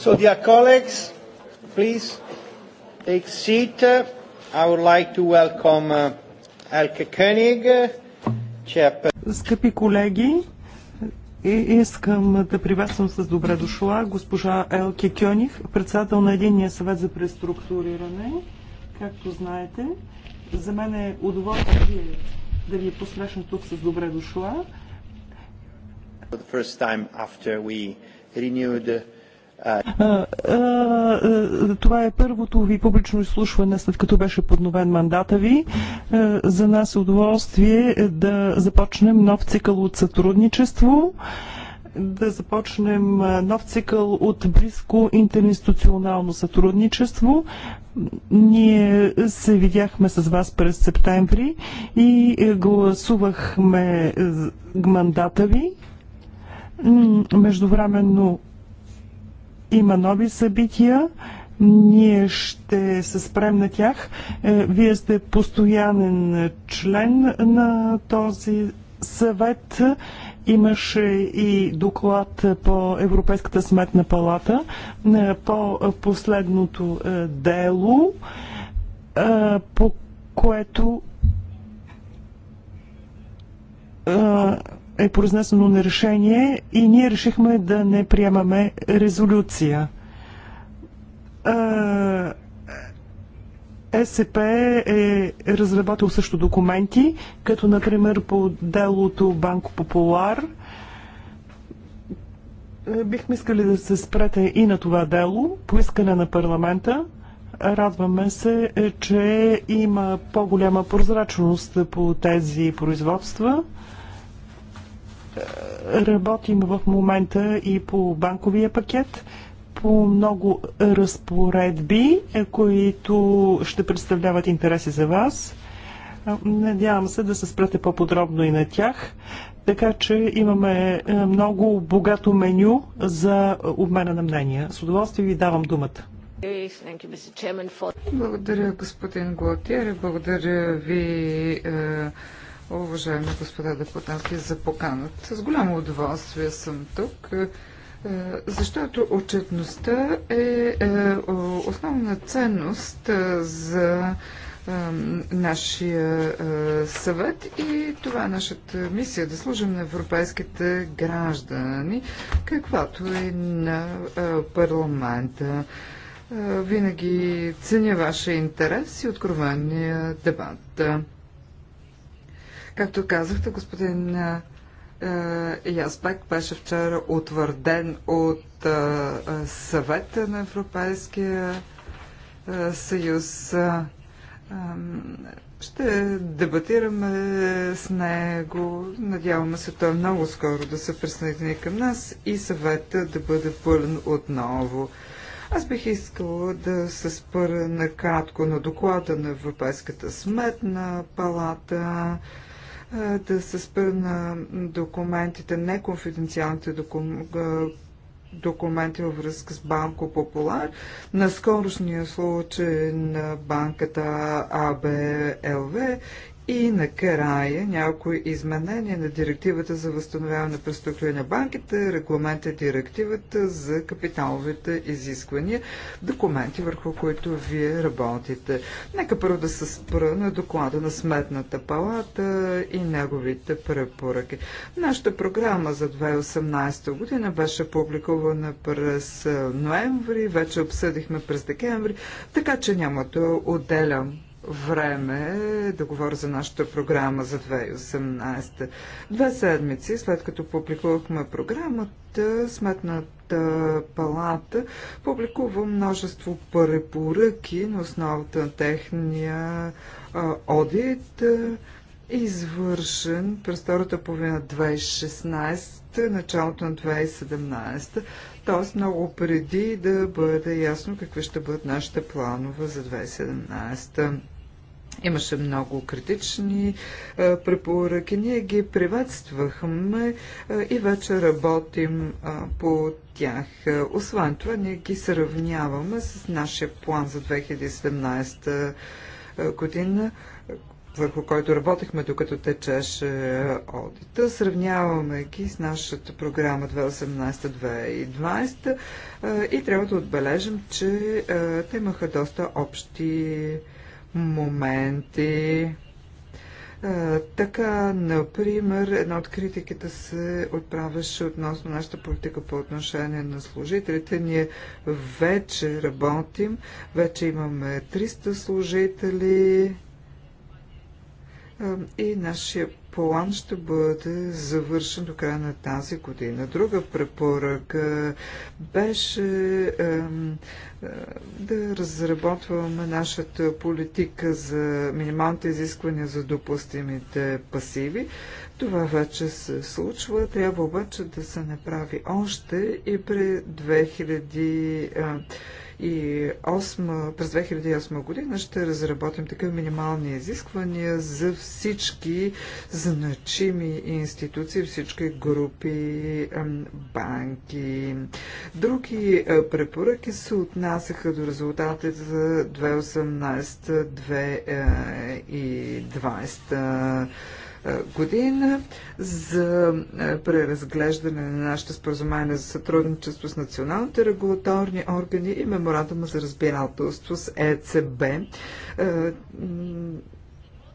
So, dear colleagues, please take seat. I would like to welcome uh, Elke Koenig, König, Скъпи колеги, и искам да приветствам с добре дошла госпожа Елке Кьоних, председател на Единния съвет за преструктуриране. Както знаете, за мен е удоволствие да ви посрещна тук с добре дошла. For the first time after we renewed това е първото ви публично изслушване, след като беше подновен мандата ви. За нас е удоволствие е, да започнем нов цикъл от сътрудничество да започнем нов цикъл от близко интеринституционално сътрудничество. Ние се видяхме с вас през септември и е, гласувахме е, мандата ви. Междувременно има нови събития. Ние ще се спрем на тях. Е, вие сте постоянен член на този съвет. Имаше и доклад по Европейската сметна палата е, по последното е, дело, по което е произнесено на решение и ние решихме да не приемаме резолюция. СП е разработил също документи, като например по делото Банко Популар. Бихме искали да се спрете и на това дело, по искане на парламента. Радваме се, е, че има по-голяма прозрачност по тези производства. Работим в момента и по банковия пакет, по много разпоредби, които ще представляват интереси за вас. Надявам се да се спрете по-подробно и на тях. Така че имаме е, много богато меню за обмена на мнения. С удоволствие ви давам думата. Благодаря, господин Глотиер. Благодаря ви е, уважаеми господа депутати, за поканът. С голямо удоволствие съм тук, е, защото отчетността е, е основна ценност е, за нашия съвет и това е нашата мисия да служим на европейските граждани, каквато и на парламента. Винаги ценя вашия интерес и откровения дебат. Както казахте, господин Яспек беше вчера утвърден от съвета на Европейския съюз. Ще дебатираме с него. Надяваме се той много скоро да се присъедини към нас и съвета да бъде пълен отново. Аз бих искала да се спъра накратко на доклада на Европейската сметна палата. Е, да се спра на документите, неконфиденциалните документи, документи във връзка с Банко Популар. На скорошния случай на банката АБЛВ и накрая някои изменения на директивата за възстановяване на преструктури на банките, регламента директивата за капиталовите изисквания, документи върху които вие работите. Нека първо да се спра на доклада на Сметната палата и неговите препоръки. Нашата програма за 2018 година беше публикувана през ноември, вече обсъдихме през декември, така че няма да отделям време да говоря за нашата програма за 2018. Две седмици след като публикувахме програмата, Сметната палата публикува множество препоръки на основата на техния а, одит, а, извършен през втората половина 2016, началото на 2017 т.е. много преди да бъде ясно какви ще бъдат нашите планове за 2017. Имаше много критични е, препоръки. Ние ги приветствахме е, и вече работим е, по тях. Освен това, ние ги сравняваме с нашия план за 2017 година, върху който работехме докато течеше одита. Сравняваме ги с нашата програма 2018-2020 и трябва да отбележим, че те имаха доста общи моменти. Така, например, една от критиките се отправяше относно нашата политика по отношение на служителите. Ние вече работим, вече имаме 300 служители, и нашия план ще бъде завършен до края на тази година. Друга препоръка беше да разработваме нашата политика за минималните изисквания за допустимите пасиви. Това вече се случва. Трябва обаче да се направи още и при 2000. 2008, през 2008 година ще разработим такива минимални изисквания за всички значими институции, всички групи, банки. Други препоръки се отнасяха до резултатите за 2018-2020 е, година за е, преразглеждане на нашите споразумения за сътрудничество с националните регулаторни органи и меморандума за разбирателство с ЕЦБ. Е,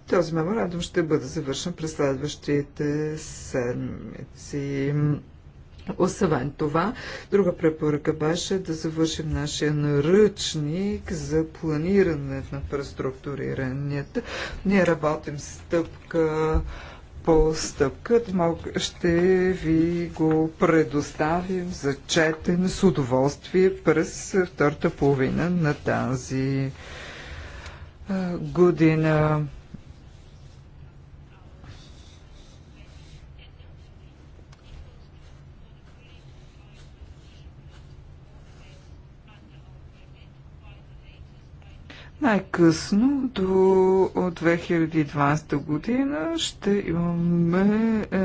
този меморандум ще бъде завършен през следващите седмици. Освен това, друга препоръка беше да завършим нашия наръчник за планиране на преструктурирането. Ние работим стъпка по стъпка. Ще ви го предоставим за четене с удоволствие през втората половина на тази година. Най-късно до 2020 година ще имаме е,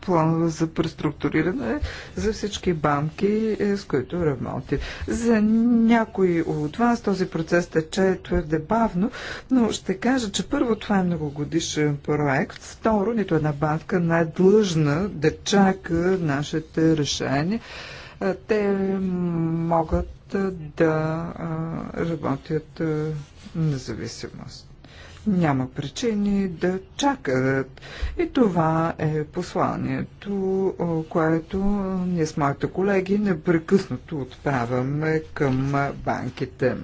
планове за преструктуриране за всички банки, е, с които работи. За някои от вас този процес тече твърде бавно, но ще кажа, че първо това е многогодишен проект, второ нито една банка не е длъжна да чака нашите решения. Е, те могат да работят независимост. Няма причини да чакат. И това е посланието, което ние с моите колеги непрекъснато отправяме към банките.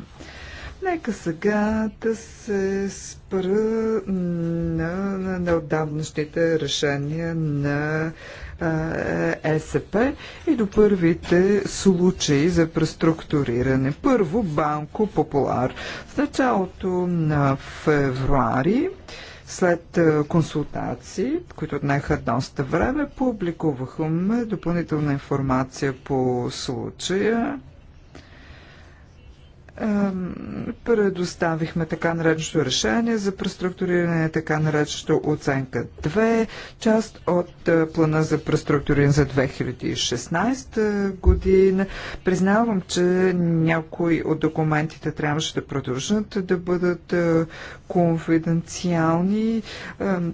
Нека сега да се спра на, на, на решения на е, ЕСП и до първите случаи за преструктуриране. Първо Банко Популар. В началото на февруари след е, консултации, които отнеха доста време, публикувахме допълнителна информация по случая предоставихме така нареченото решение за преструктуриране, така нареченото оценка 2, част от плана за преструктуриране за 2016 година. Признавам, че някои от документите трябваше да продължат да бъдат конфиденциални,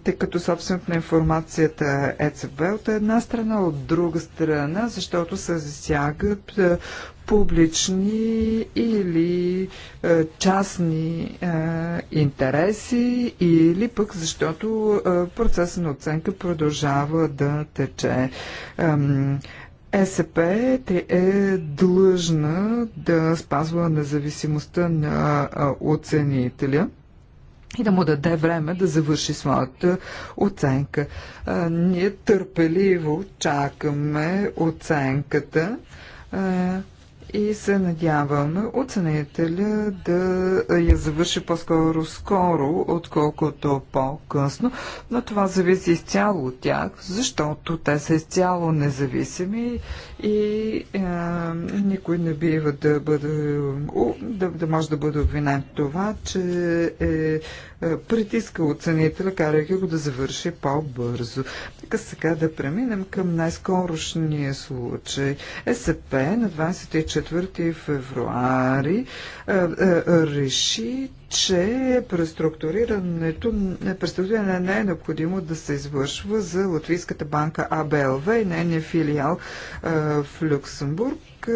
тъй като собствената на информацията е ЕЦБ от една страна, от друга страна, защото се засягат публични или е, частни е, интереси, или пък защото е, процесът на оценка продължава да тече. СП е длъжна да спазва независимостта на е, оценителя и да му даде време да завърши своята оценка. Е, ние търпеливо чакаме оценката. Е, и се надяваме оценителя да я завърши по-скоро скоро, отколкото по-късно, но това зависи изцяло от тях, защото те са изцяло независими и е, никой не бива да бъде да, да може да бъде обвинен в това, че е, е притиска оценителя, карайки го да завърши по-бързо. Така сега да преминем към най-скорошния случай. Е СП на 24 4 февруари е, е, реши, че преструктурирането, е, преструктуриране не е необходимо да се извършва за Латвийската банка АБЛВ и нейния филиал в Люксембург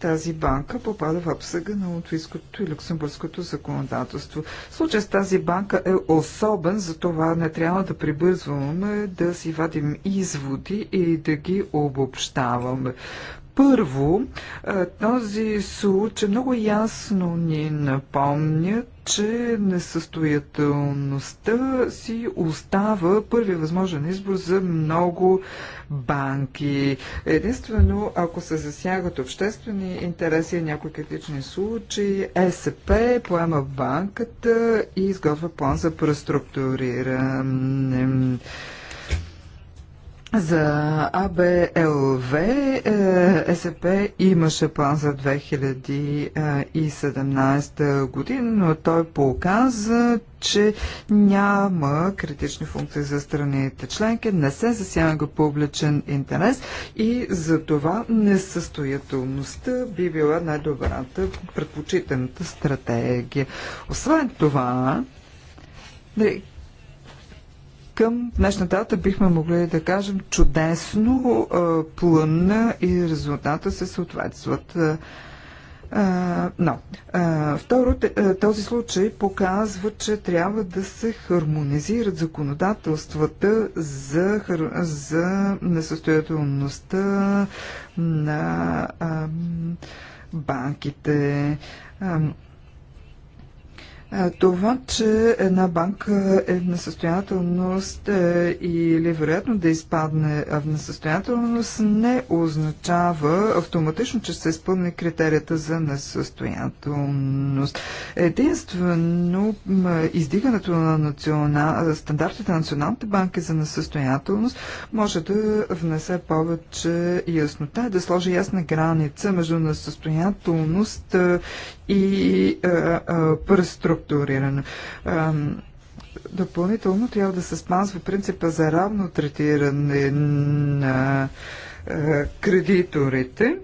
тази банка попада в обсъга на латвийското и люксембургското законодателство. Случай с тази банка е особен, затова не трябва да прибързваме да си вадим изводи и да ги обобщаваме. Първо, е, този случай много ясно ни напомня, че несъстоятелността си остава първи възможен избор за много банки. Единствено, ако се засягат обществени интереси и някои критични случаи, СП поема банката и изготвя план за преструктуриране. За АБЛВ е, е СП имаше план за 2017 година, но той показа, че няма критични функции за страните членки, не се засяга публичен интерес и за това несъстоятелността би била най-добрата, предпочитаната стратегия. Освен това, към днешна дата бихме могли да кажем чудесно плънна и резултата се съответстват. Но, второ, този случай показва, че трябва да се хармонизират законодателствата за, за несъстоятелността на банките. Това, че една банка е в несъстоятелност е, или вероятно да изпадне в несъстоятелност, не означава автоматично, че се изпълни критерията за несъстоятелност. Единствено, издигането на национал... стандартите на националните банки за несъстоятелност може да внесе повече яснота, и да сложи ясна граница между несъстоятелност е, и е, преструктуриране структурирана. Допълнително трябва да се спазва принципа за равно третиране на кредиторите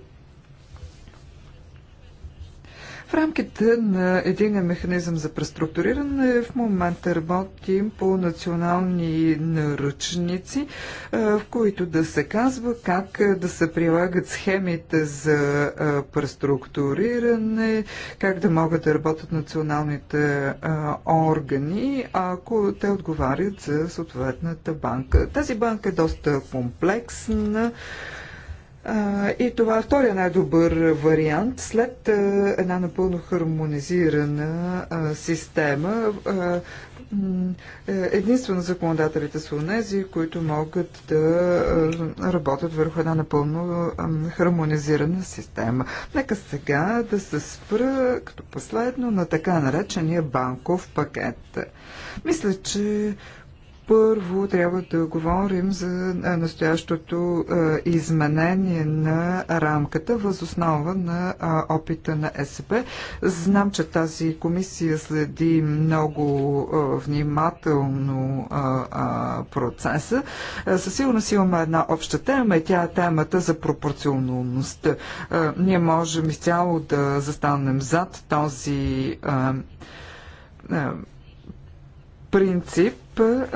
в рамките на един механизъм за преструктуриране в момента работим по национални наръчници, в които да се казва как да се прилагат схемите за преструктуриране, как да могат да работят националните органи, ако те отговарят за съответната банка. Тази банка е доста комплексна. И това е втория най-добър вариант след една напълно хармонизирана система. Единствено законодателите са унези, които могат да работят върху една напълно хармонизирана система. Нека сега да се спра като последно на така наречения банков пакет. Мисля, че първо трябва да говорим за настоящото изменение на рамката възоснова на опита на СП. Знам, че тази комисия следи много внимателно процеса. Със сигурност си имаме една обща тема и тя е темата за пропорционалността. Ние можем изцяло да застанем зад този принцип, П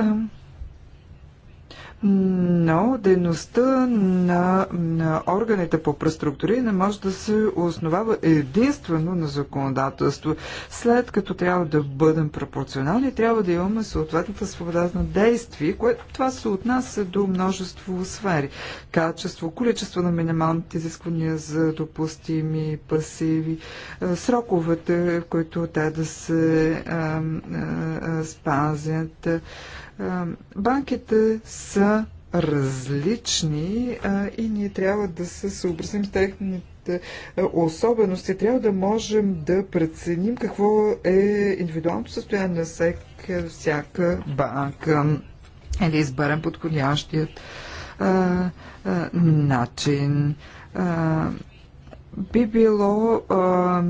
но дейността на, на органите по преструктуриране може да се основава единствено на законодателство. След като трябва да бъдем пропорционални, трябва да имаме съответната свобода на действие, което това се отнася до множество сфери. Качество, количество на минималните изисквания за допустими пасиви, е, сроковете, в които те да се а, е, а, е, спазят, Банките са различни а, и ние трябва да се съобразим с техните особености. Трябва да можем да преценим какво е индивидуалното състояние на всяка, всяка банка или изберем подходящият а, а, начин. А, би било а,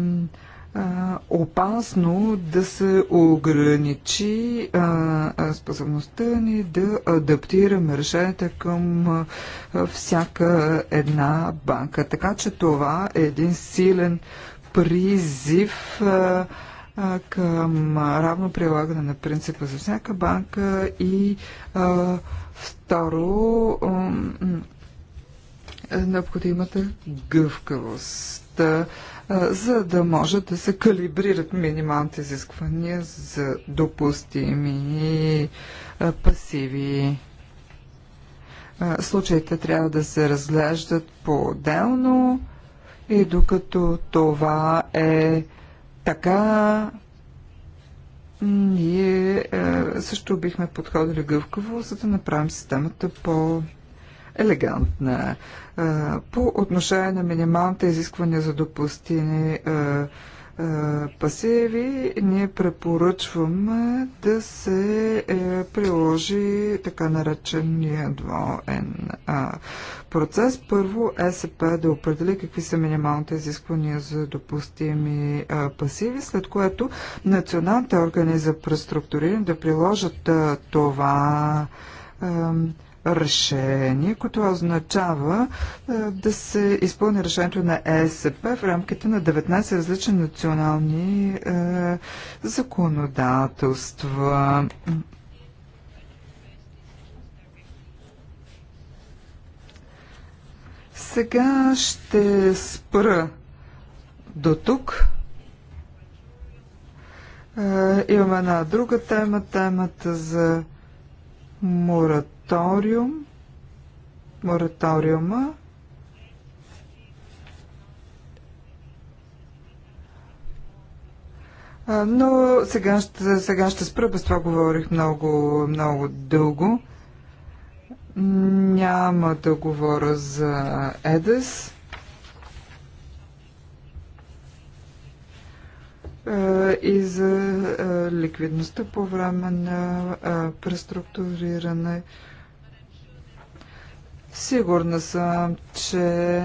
опасно да се ограничи способността ни да адаптираме решенията към всяка една банка. Така че това е един силен призив към равно прилагане на принципа за всяка банка и второ необходимата гъвкавост за да може да се калибрират минималните изисквания за допустими пасиви. Случаите трябва да се разглеждат по-отделно и докато това е така, ние също бихме подходили гъвкаво, за да направим системата по-добре елегантна. По отношение на минималните изисквания за допустими пасиви, ние препоръчваме да се е, приложи така наречения двоен процес. Първо ЕСП да определи какви са минималните изисквания за допустими пасиви, след което националните органи за преструктуриране да приложат това решение, което означава е, да се изпълни решението на ЕСП в рамките на 19 различни национални е, законодателства. Сега ще спра до тук. Е, имаме една друга тема, темата за мораториум, мораториума Но сега ще, сега ще спра, без това говорих много, много дълго. Няма да говоря за ЕДЕС. и за ликвидността по време на преструктуриране. Сигурна съм, че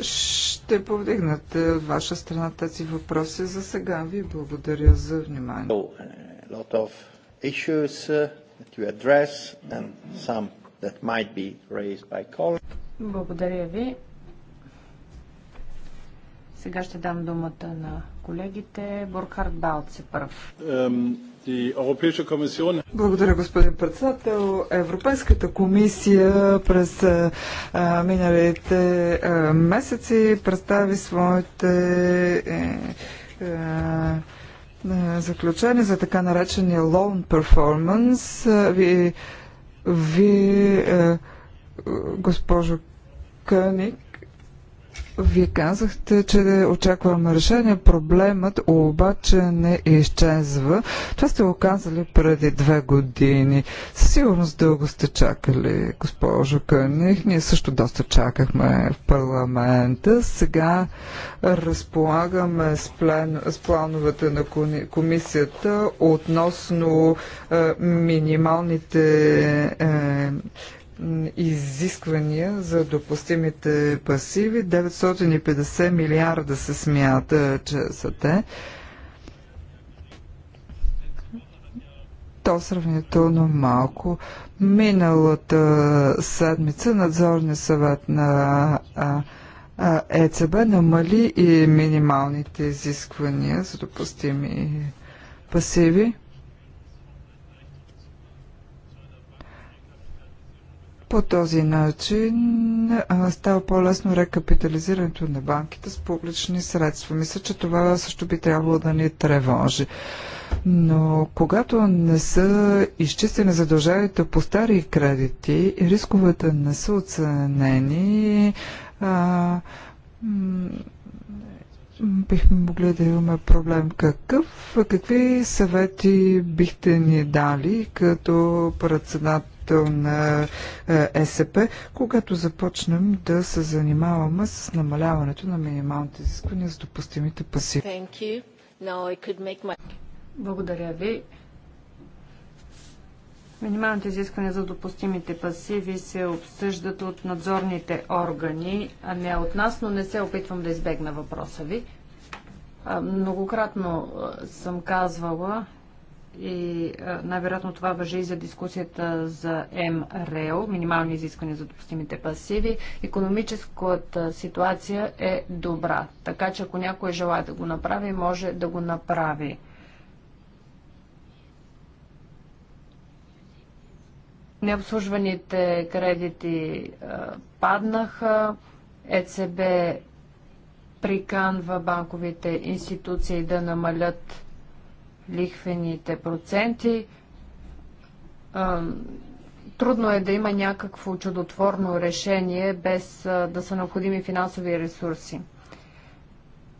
ще повдигнате ваша страна тези въпроси. За сега ви благодаря за внимание. Uh, благодаря ви. Сега ще дам думата на колегите. Буркхард Балце първ. Благодаря, господин председател. Европейската комисия през е, а, миналите а, е, месеци представи своите е, а, за така наречения loan performance. Ви, ви госпожо Къник, вие казахте, че очакваме решение. Проблемът обаче не изчезва. Това сте го казали преди две години. Със сигурност дълго сте чакали, госпожо Къних. Ние също доста чакахме в парламента. Сега разполагаме с, плен, с плановете на комисията относно е, минималните е, изисквания за допустимите пасиви. 950 милиарда се смята, че са те. то сравнително малко. Миналата седмица надзорния съвет на ЕЦБ намали и минималните изисквания за допустими пасиви. По този начин става по-лесно рекапитализирането на банките с публични средства. Мисля, че това също би трябвало да ни тревожи. Но когато не са изчистени задълженията по стари кредити, рисковете не са оценени, а, бихме могли да имаме проблем. Какъв, какви съвети бихте ни дали като председател председател на ЕСП, когато започнем да се занимаваме с намаляването на минималните изисквания с допустимите пасиви. Благодаря ви. Минималните изисквания за допустимите пасиви се обсъждат от надзорните органи, а не от нас, но не се опитвам да избегна въпроса ви. Многократно съм казвала, и най-вероятно това въжи и за дискусията за МРЕО, минимални изисквания за допустимите пасиви, економическата ситуация е добра. Така че ако някой желая да го направи, може да го направи. Необслужваните кредити паднаха, ЕЦБ приканва банковите институции да намалят лихвените проценти. Трудно е да има някакво чудотворно решение без да са необходими финансови ресурси.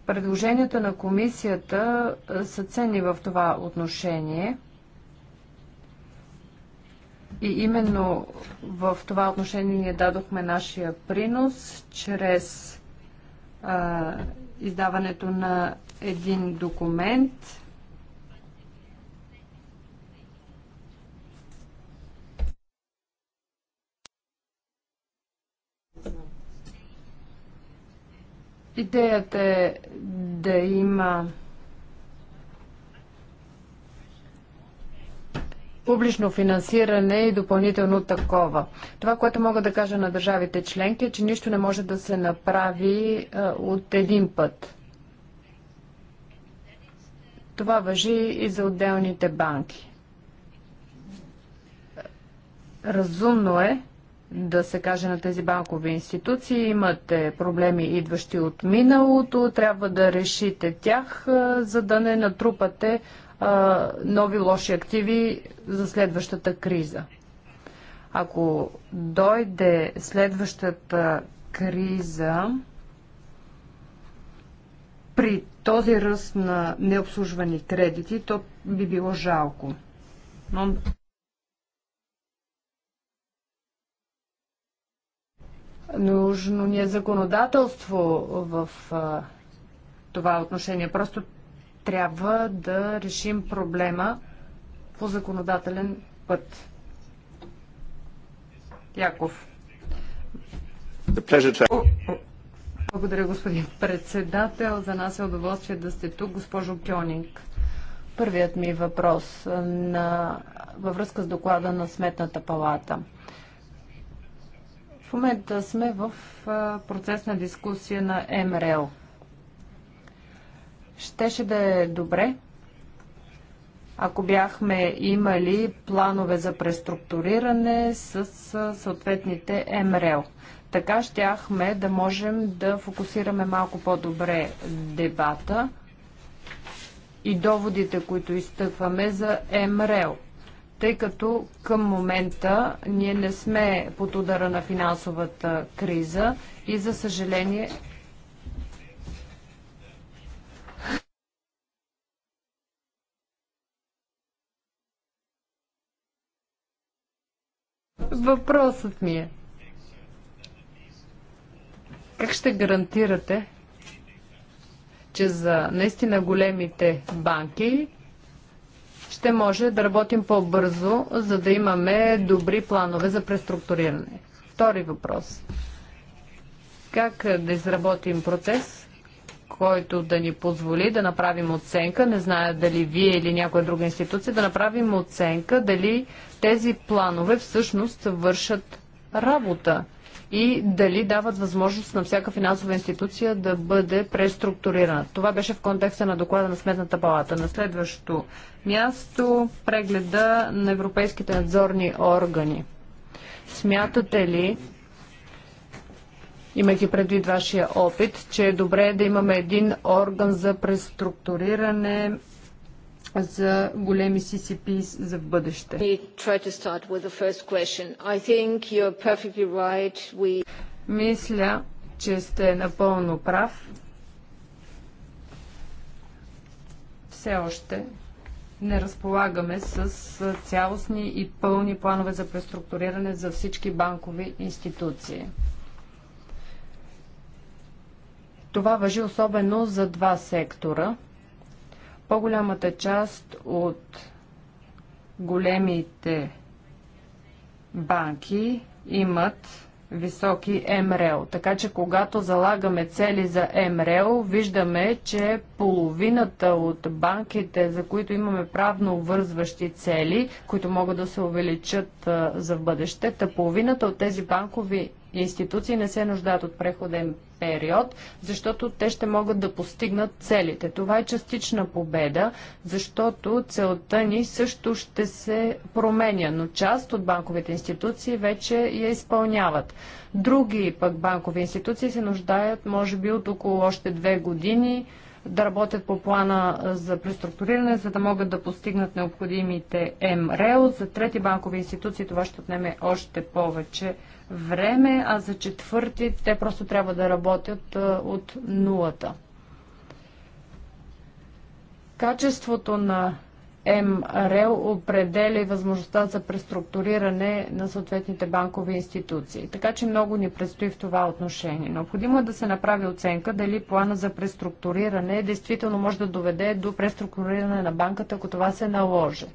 Предложенията на комисията са ценни в това отношение. И именно в това отношение ние дадохме нашия принос чрез а, издаването на един документ, Идеята е да има публично финансиране и допълнително такова. Това, което мога да кажа на държавите членки е, че нищо не може да се направи от един път. Това въжи и за отделните банки. Разумно е да се каже на тези банкови институции. Имате проблеми, идващи от миналото, трябва да решите тях, за да не натрупате нови лоши активи за следващата криза. Ако дойде следващата криза, при този ръст на необслужвани кредити, то би било жалко. Но Нужно ни е законодателство в а, това отношение. Просто трябва да решим проблема по законодателен път. Яков. Благодаря, господин председател. За нас е удоволствие да сте тук, госпожо Кьонинг. Първият ми въпрос на... във връзка с доклада на Сметната палата. В момента сме в процес на дискусия на МРЛ. Щеше да е добре, ако бяхме имали планове за преструктуриране с съответните МРЛ. Така щяхме да можем да фокусираме малко по-добре дебата и доводите, които изтъкваме за МРЛ тъй като към момента ние не сме под удара на финансовата криза и за съжаление Въпросът ми е как ще гарантирате, че за наистина големите банки ще може да работим по-бързо, за да имаме добри планове за преструктуриране. Втори въпрос. Как да изработим процес, който да ни позволи да направим оценка, не зная дали вие или някоя друга институция, да направим оценка дали тези планове всъщност вършат работа и дали дават възможност на всяка финансова институция да бъде преструктурирана. Това беше в контекста на доклада на Сметната палата. На следващото място прегледа на европейските надзорни органи. Смятате ли, имайки предвид вашия опит, че е добре да имаме един орган за преструктуриране за големи CCP за в бъдеще. Мисля, че сте напълно прав. Все още не разполагаме с цялостни и пълни планове за преструктуриране за всички банкови институции. Това въжи особено за два сектора – по-голямата част от големите банки имат високи МРЛ. Така че когато залагаме цели за МРЛ, виждаме, че половината от банките, за които имаме правно вързващи цели, които могат да се увеличат а, за в бъдеще, половината от тези банкови институции не се нуждаят от преходен период, защото те ще могат да постигнат целите. Това е частична победа, защото целта ни също ще се променя, но част от банковите институции вече я изпълняват. Други пък банкови институции се нуждаят, може би, от около още две години да работят по плана за преструктуриране, за да могат да постигнат необходимите МРЕО. За трети банкови институции това ще отнеме още повече време, а за четвърти те просто трябва да работят от нулата. Качеството на МРЕЛ определя и възможността за преструктуриране на съответните банкови институции. Така че много ни предстои в това отношение. Необходимо е да се направи оценка дали плана за преструктуриране действително може да доведе до преструктуриране на банката, ако това се наложи.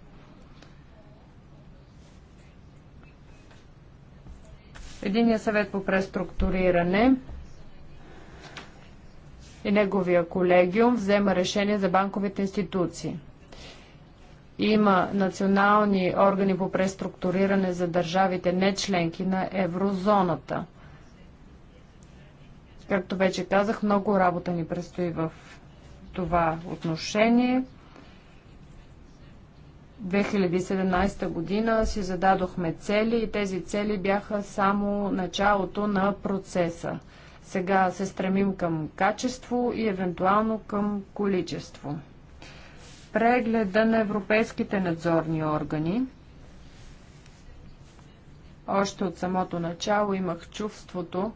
Единия съвет по преструктуриране и неговия колегиум взема решение за банковите институции. Има национални органи по преструктуриране за държавите не членки на еврозоната. Както вече казах, много работа ни предстои в това отношение. 2017 година си зададохме цели и тези цели бяха само началото на процеса. Сега се стремим към качество и евентуално към количество. Прегледа на европейските надзорни органи. Още от самото начало имах чувството,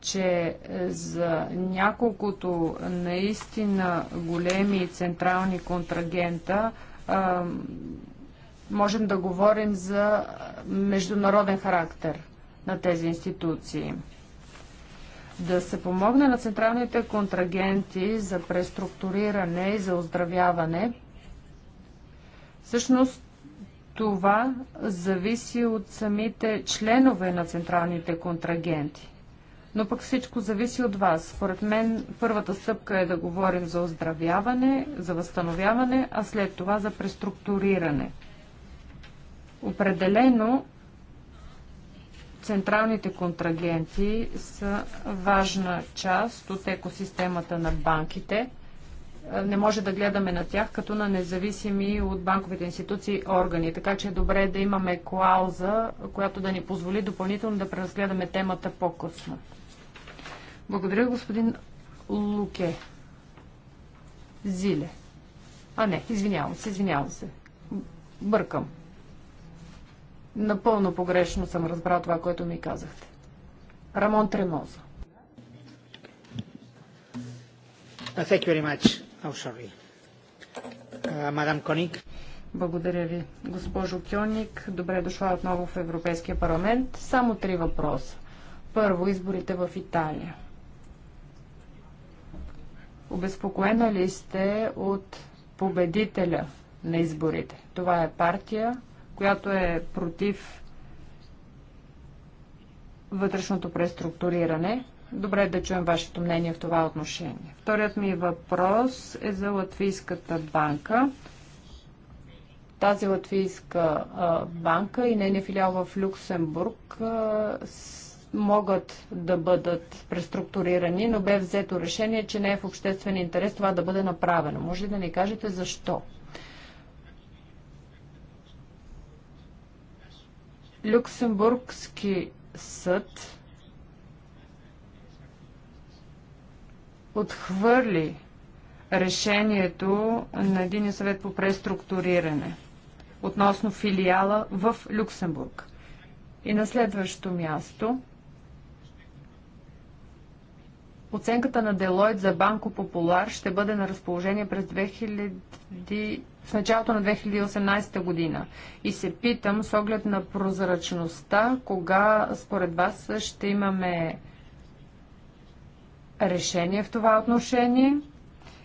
че е, за няколкото наистина големи централни контрагента – можем да говорим за международен характер на тези институции. Да се помогне на централните контрагенти за преструктуриране и за оздравяване, всъщност това зависи от самите членове на централните контрагенти. Но пък всичко зависи от вас. Според мен първата стъпка е да говорим за оздравяване, за възстановяване, а след това за преструктуриране. Определено централните контрагенти са важна част от екосистемата на банките. Не може да гледаме на тях като на независими от банковите институции органи. Така че е добре да имаме клауза, която да ни позволи допълнително да преразгледаме темата по-късно. Благодаря, господин Луке. Зиле. А не, извинявам се, извинявам се. Бъркам. Напълно погрешно съм разбрал това, което ми казахте. Рамон Тремоза. Uh, thank you very much. Oh, sorry. Мадам uh, Коник. Благодаря ви, госпожо Кьоник. Добре дошла отново в Европейския парламент. Само три въпроса. Първо, изборите в Италия. Обезпокоена ли сте от победителя на изборите? Това е партия, която е против вътрешното преструктуриране. Добре е да чуем вашето мнение в това отношение. Вторият ми въпрос е за Латвийската банка. Тази Латвийска банка и нейния филиал в Люксембург с могат да бъдат преструктурирани, но бе взето решение, че не е в обществен интерес това да бъде направено. Може ли да ни кажете защо? Люксембургски съд отхвърли решението на един съвет по преструктуриране относно филиала в Люксембург. И на следващо място Оценката на Делойт за Банко Популар ще бъде на разположение през 2000... в началото на 2018 година. И се питам, с оглед на прозрачността, кога според вас ще имаме решение в това отношение?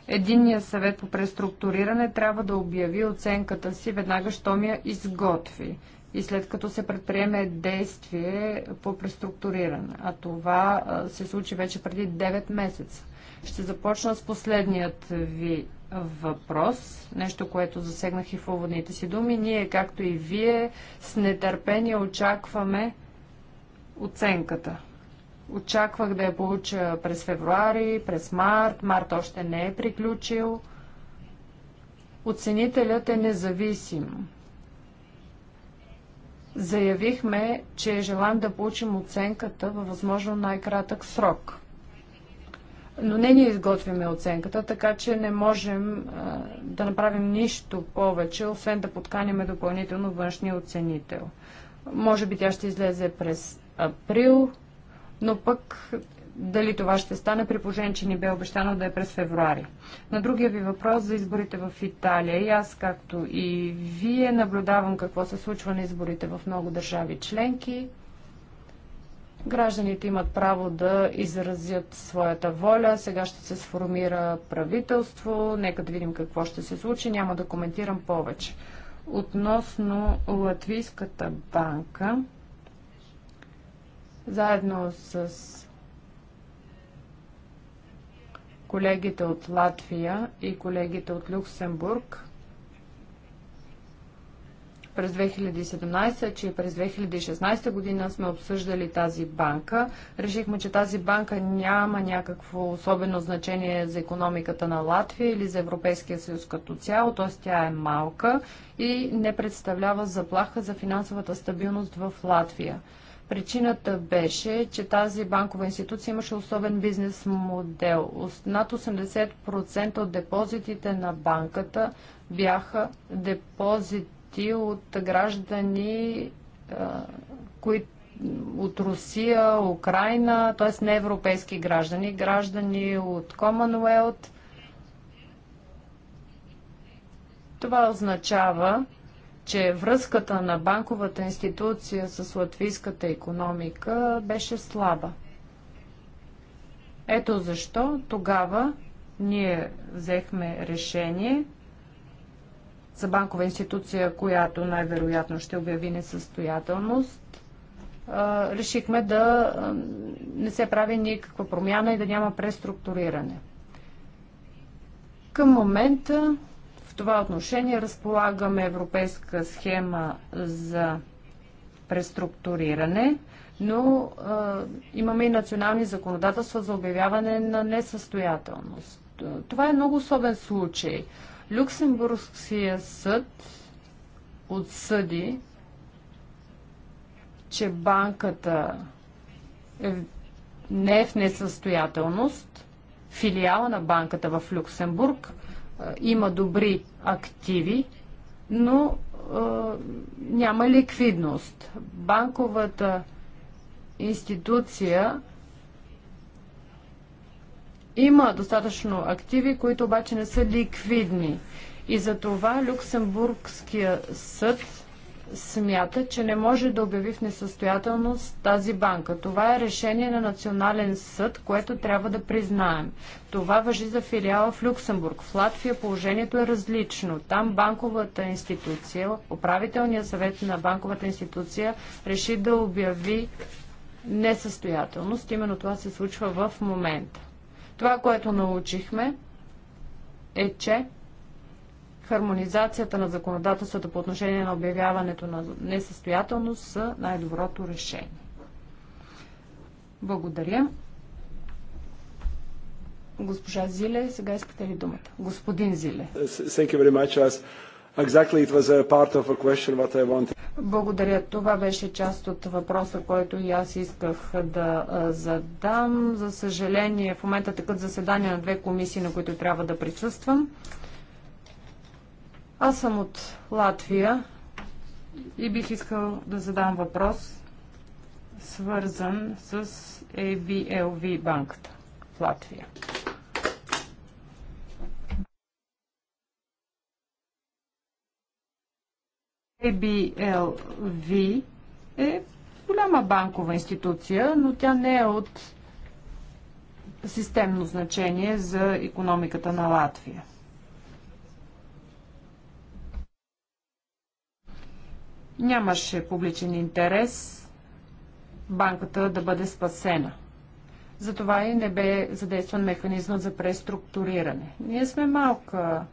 Единният съвет по преструктуриране трябва да обяви оценката си веднага, що ми я изготви и след като се предприеме действие по преструктуриране. А това се случи вече преди 9 месеца. Ще започна с последният ви въпрос, нещо, което засегнах и в уводните си думи. Ние, както и вие, с нетърпение очакваме оценката. Очаквах да я получа през февруари, през март. Март още не е приключил. Оценителят е независим заявихме, че желаем да получим оценката във възможно най-кратък срок. Но не ние изготвяме оценката, така че не можем а, да направим нищо повече, освен да подканяме допълнително външния оценител. Може би тя ще излезе през април, но пък дали това ще стане при положение, че ни бе обещано да е през февруари. На другия ви въпрос за изборите в Италия. И аз, както и вие, наблюдавам какво се случва на изборите в много държави членки. Гражданите имат право да изразят своята воля. Сега ще се сформира правителство. Нека да видим какво ще се случи. Няма да коментирам повече. Относно Латвийската банка, заедно с колегите от Латвия и колегите от Люксембург през 2017, че през 2016 година сме обсъждали тази банка. Решихме, че тази банка няма някакво особено значение за економиката на Латвия или за Европейския съюз като цяло, т.е. тя е малка и не представлява заплаха за финансовата стабилност в Латвия. Причината беше, че тази банкова институция имаше особен бизнес модел. Над 80% от депозитите на банката бяха депозити от граждани, от Русия, Украина, т.е. не европейски граждани, граждани от Commonwealth. Това означава, че връзката на банковата институция с латвийската економика беше слаба. Ето защо тогава ние взехме решение за банкова институция, която най-вероятно ще обяви несъстоятелност. Решихме да не се прави никаква промяна и да няма преструктуриране. Към момента това отношение разполагаме европейска схема за преструктуриране, но а, имаме и национални законодателства за обявяване на несъстоятелност. Това е много особен случай. Люксембургския съд отсъди, че банката е, не е в несъстоятелност, филиала на банката в Люксембург има добри активи, но няма ликвидност. Банковата институция има достатъчно активи, които обаче не са ликвидни. И за това Люксембургския съд смята, че не може да обяви в несъстоятелност тази банка. Това е решение на Национален съд, което трябва да признаем. Това въжи за филиала в Люксембург. В Латвия положението е различно. Там банковата институция, управителният съвет на банковата институция реши да обяви несъстоятелност. Именно това се случва в момента. Това, което научихме е, че хармонизацията на законодателството по отношение на обявяването на несъстоятелност са най-доброто решение. Благодаря. Госпожа Зиле, сега искате ли думата? Господин Зиле. Thank you very much. Exactly, it was a part of a question what I wanted. Благодаря. Това беше част от въпроса, който и аз исках да задам. За съжаление, в момента такът заседания на две комисии, на които трябва да присъствам. Аз съм от Латвия и бих искал да задам въпрос, свързан с ABLV банката в Латвия. ABLV е голяма банкова институция, но тя не е от системно значение за економиката на Латвия. Нямаше публичен интерес банката да бъде спасена. Затова и не бе задействан механизма за преструктуриране. Ние сме малка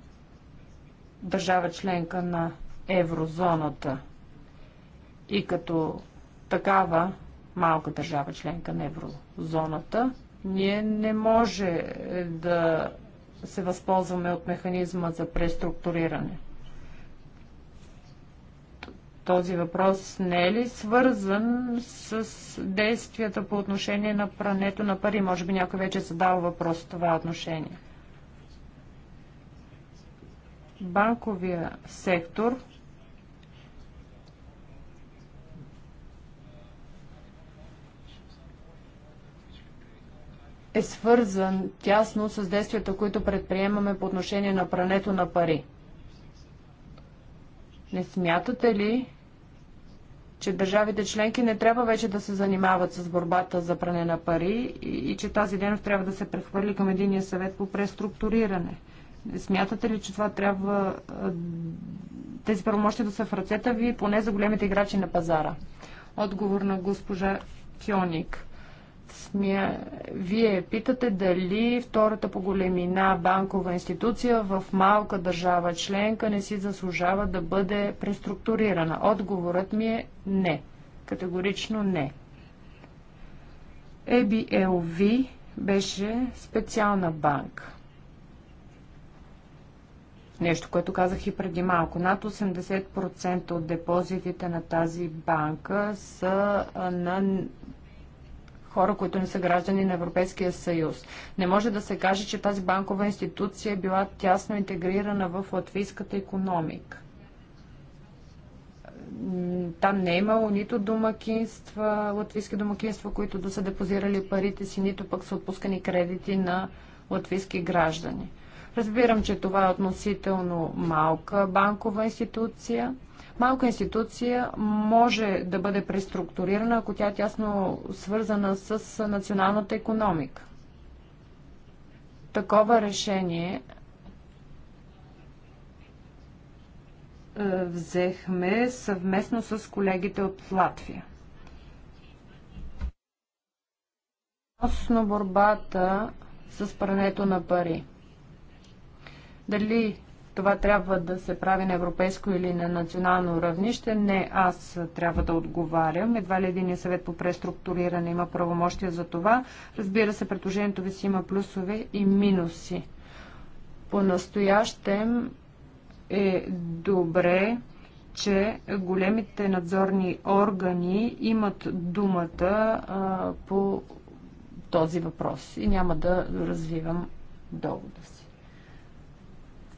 държава членка на еврозоната и като такава малка държава членка на еврозоната, ние не може е, да се възползваме от механизма за преструктуриране този въпрос не е ли свързан с действията по отношение на прането на пари? Може би някой вече е задава въпрос в това отношение. Банковия сектор е свързан тясно с действията, които предприемаме по отношение на прането на пари. Не смятате ли, че държавите членки не трябва вече да се занимават с борбата за пране на пари и, и че тази дейност трябва да се прехвърли към единия съвет по преструктуриране. Смятате ли, че това трябва тези правомощи да са в ръцете ви, поне за големите играчи на пазара? Отговор на госпожа Кьоник. Смя... Вие питате дали втората по големина банкова институция в малка държава членка не си заслужава да бъде преструктурирана. Отговорът ми е не. Категорично не. EBLV беше специална банка. Нещо, което казах и преди малко. Над 80% от депозитите на тази банка са на хора, които не са граждани на Европейския съюз. Не може да се каже, че тази банкова институция е била тясно интегрирана в латвийската економика. Там не е имало нито домакинства, латвийски домакинства, които да са депозирали парите си, нито пък са отпускани кредити на латвийски граждани. Разбирам, че това е относително малка банкова институция, Малка институция може да бъде преструктурирана, ако тя е тясно свързана с националната економика. Такова решение е, взехме съвместно с колегите от Латвия. Относно борбата с прането на пари. Дали това трябва да се прави на европейско или на национално равнище. Не аз трябва да отговарям. Едва ли един съвет по преструктуриране има правомощия за това. Разбира се, предложението ви си има плюсове и минуси. По-настоящем е добре че големите надзорни органи имат думата а, по този въпрос и няма да развивам довода си.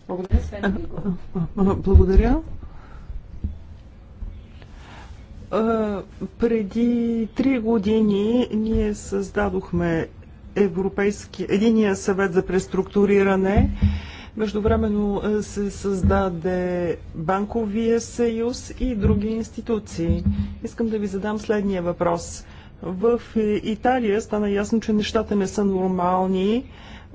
Благодаря, Благодаря. Преди три години ние създадохме Европейски, единия съвет за преструктуриране. Междувременно се създаде Банковия съюз и други институции. Искам да ви задам следния въпрос. В е, Италия стана ясно, че нещата не са нормални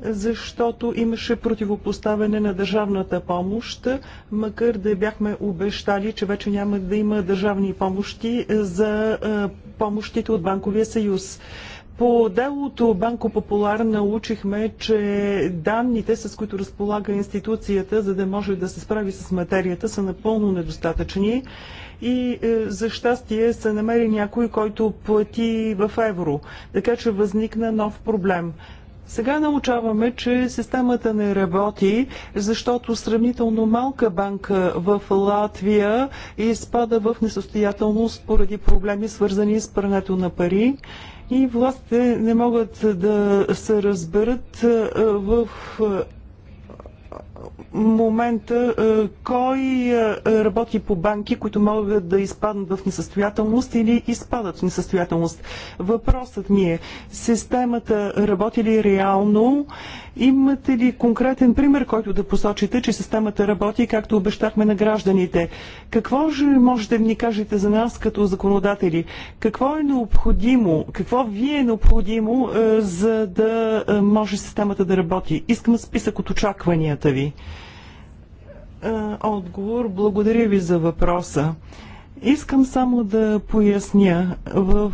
защото имаше противопоставяне на държавната помощ, макар да бяхме обещали, че вече няма да има държавни помощи за е, помощите от Банковия съюз. По делото Банко Популар научихме, че данните, с които разполага институцията, за да може да се справи с материята, са напълно недостатъчни и е, за щастие се намери някой, който плати в евро. Така че възникна нов проблем. Сега научаваме, че системата не работи, защото сравнително малка банка в Латвия изпада в несъстоятелност поради проблеми, свързани с прането на пари и властите не могат да се разберат в момента е, кой е, работи по банки, които могат да изпаднат в несъстоятелност или изпадат в несъстоятелност. Въпросът ми е, системата работи ли реално? Имате ли конкретен пример, който да посочите, че системата работи, както обещахме на гражданите? Какво же можете да ни кажете за нас като законодатели? Какво е необходимо? Какво ви е необходимо, е, за да може системата да работи? Искам списък от очакванията ви. Е, отговор. Благодаря ви за въпроса. Искам само да поясня. В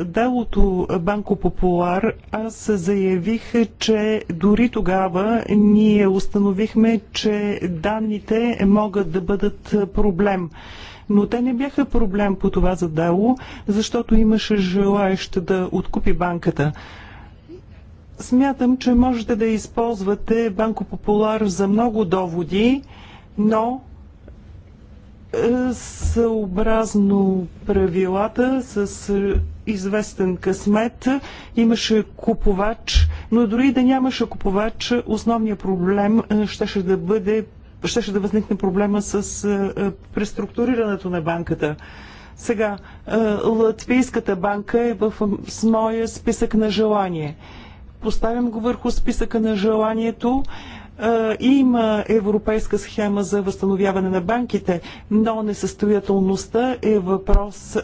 е, делото Банко Популар аз заявих, че дори тогава ние установихме, че данните могат да бъдат проблем. Но те не бяха проблем по това задело, защото имаше желаещ да откупи банката. Смятам, че можете да използвате Банко Популар за много доводи но е, съобразно правилата с е, известен късмет имаше купувач, но дори да нямаше купувач, основният проблем е, щеше да бъде щеше да възникне проблема с преструктурирането на банката. Сега, Латвийската банка е в моя списък на желание. Поставям го върху списъка на желанието. Има европейска схема за възстановяване на банките, но несъстоятелността е въпрос е,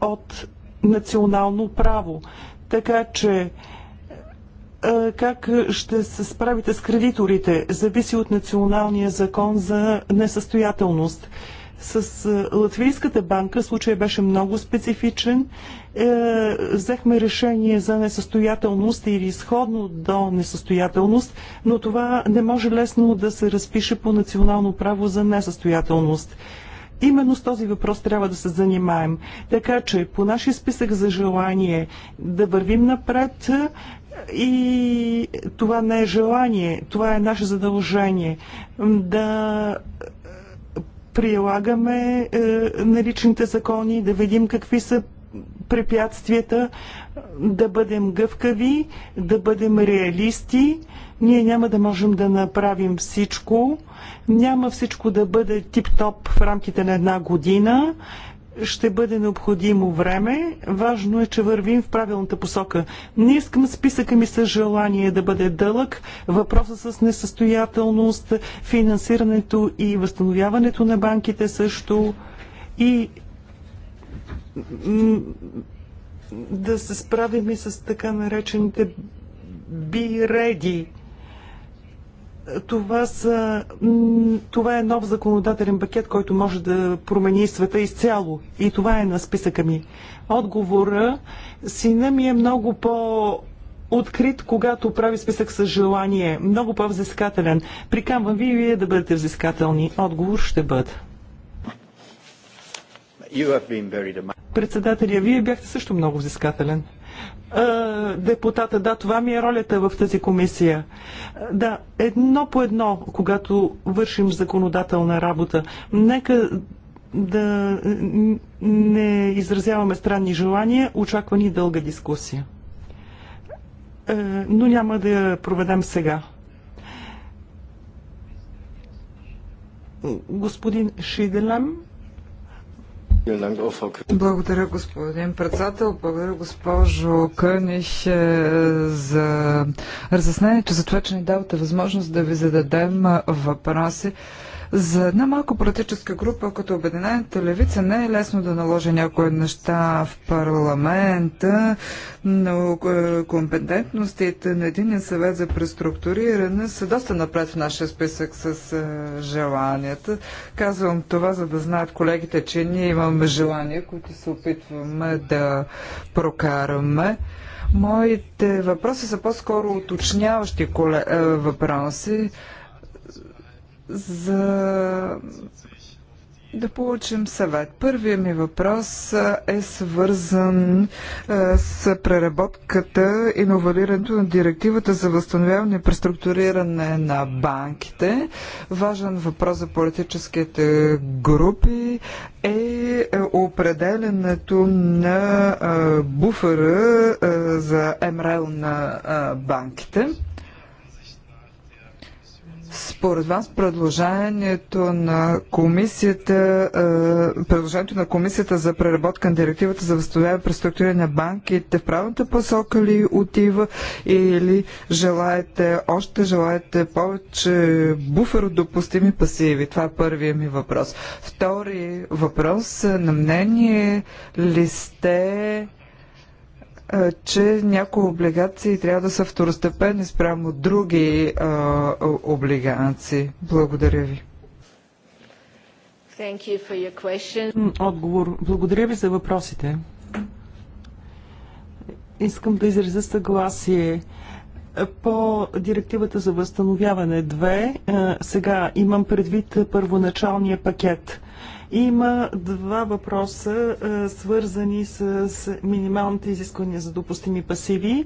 от национално право. Така че е, как ще се справите с кредиторите, зависи от националния закон за несъстоятелност. С е, Латвийската банка случай беше много специфичен. Е, взехме решение за несъстоятелност или изходно до несъстоятелност, но това не може лесно да се разпише по национално право за несъстоятелност. Именно с този въпрос трябва да се занимаем. Така че по нашия списък за желание да вървим напред е, и това не е желание, това е наше задължение да е, прилагаме е, наличните закони, да видим какви са препятствията, да бъдем гъвкави, да бъдем реалисти. Ние няма да можем да направим всичко. Няма всичко да бъде тип-топ в рамките на една година ще бъде необходимо време. Важно е, че вървим в правилната посока. Не искам списъка ми с желание да бъде дълъг. Въпроса с несъстоятелност, финансирането и възстановяването на банките също и да се справим и с така наречените реди. Това, са, това е нов законодателен пакет, който може да промени света изцяло. И това е на списъка ми. Отговора сина ми е много по- открит, когато прави списък с желание. Много по-взискателен. Прикамвам ви и вие да бъдете взискателни. Отговор ще бъде. Председателя, вие бяхте също много взискателен. Депутата, да, това ми е ролята в тази комисия. Да, едно по едно, когато вършим законодателна работа, нека да не изразяваме странни желания, очаква ни дълга дискусия. Но няма да я проведем сега. Господин Шиделем, благодаря, господин председател. Благодаря, госпожо Къниш, е, за разяснението, за това, че ни давате възможност да ви зададем е, въпроси. За една малко политическа група, като Обединената левица, не е лесно да наложи някои неща в парламента, но е, компетентностите на един съвет за преструктуриране са доста напред в нашия списък с е, желанията. Казвам това, за да знаят колегите, че ние имаме желания, които се опитваме да прокараме. Моите въпроси са по-скоро уточняващи е, въпроси за да получим съвет. Първият ми въпрос е свързан е, с преработката и новелирането на директивата за възстановяване и преструктуриране на банките. Важен въпрос за политическите групи е, е определенето на е, буфера за МРЛ на банките. Според вас предложението на комисията, е, предложението на комисията за преработка на директивата за възстановяване преструктуриране на банките в правилната посока ли отива или желаете още, желаете повече буфер от допустими пасиви? Това е първият ми въпрос. Втори въпрос, е, на мнение ли сте че някои облигации трябва да са второстепенни спрямо други а, облигации. Благодаря ви. You Отговор. Благодаря ви за въпросите. Искам да изразя съгласие по директивата за възстановяване 2, е, сега имам предвид първоначалния пакет. Има два въпроса, е, свързани с минималните изисквания за допустими пасиви.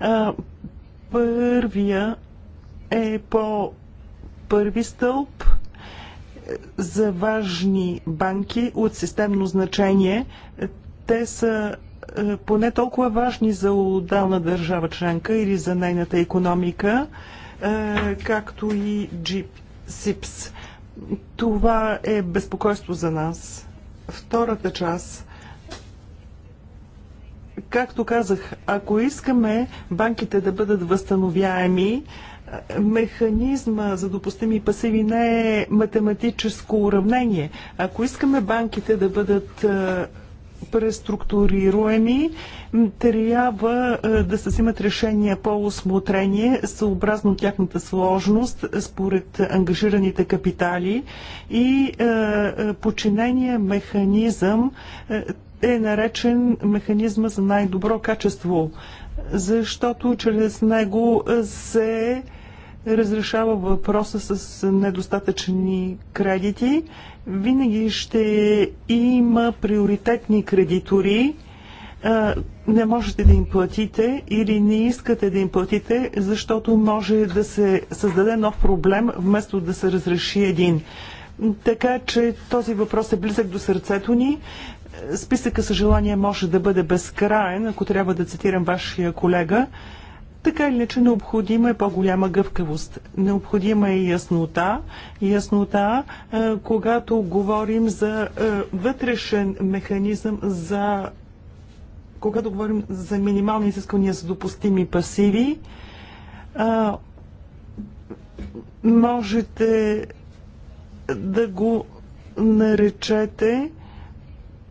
Е, първия е по първи стълб за важни банки от системно значение. Те са е, поне толкова важни за отдална държава членка или за нейната економика, е, както и джип, СИПС. Това е безпокойство за нас. Втората част. Както казах, ако искаме банките да бъдат възстановяеми, е, механизма за допустими пасиви не е математическо уравнение. Ако искаме банките да бъдат преструктурируеми, трябва е, да се взимат решения по осмотрение, съобразно тяхната сложност, според ангажираните капитали и е, е, починения механизъм е наречен механизма за най-добро качество, защото чрез него се разрешава въпроса с недостатъчни кредити. Винаги ще има приоритетни кредитори. Не можете да им платите или не искате да им платите, защото може да се създаде нов проблем, вместо да се разреши един. Така че този въпрос е близък до сърцето ни. Списъка със желания може да бъде безкраен, ако трябва да цитирам вашия колега. Така или иначе необходима е по-голяма гъвкавост. Необходима е яснота. Яснота, е, когато говорим за е, вътрешен механизъм за когато говорим за минимални изисквания за допустими пасиви, е, можете да го наречете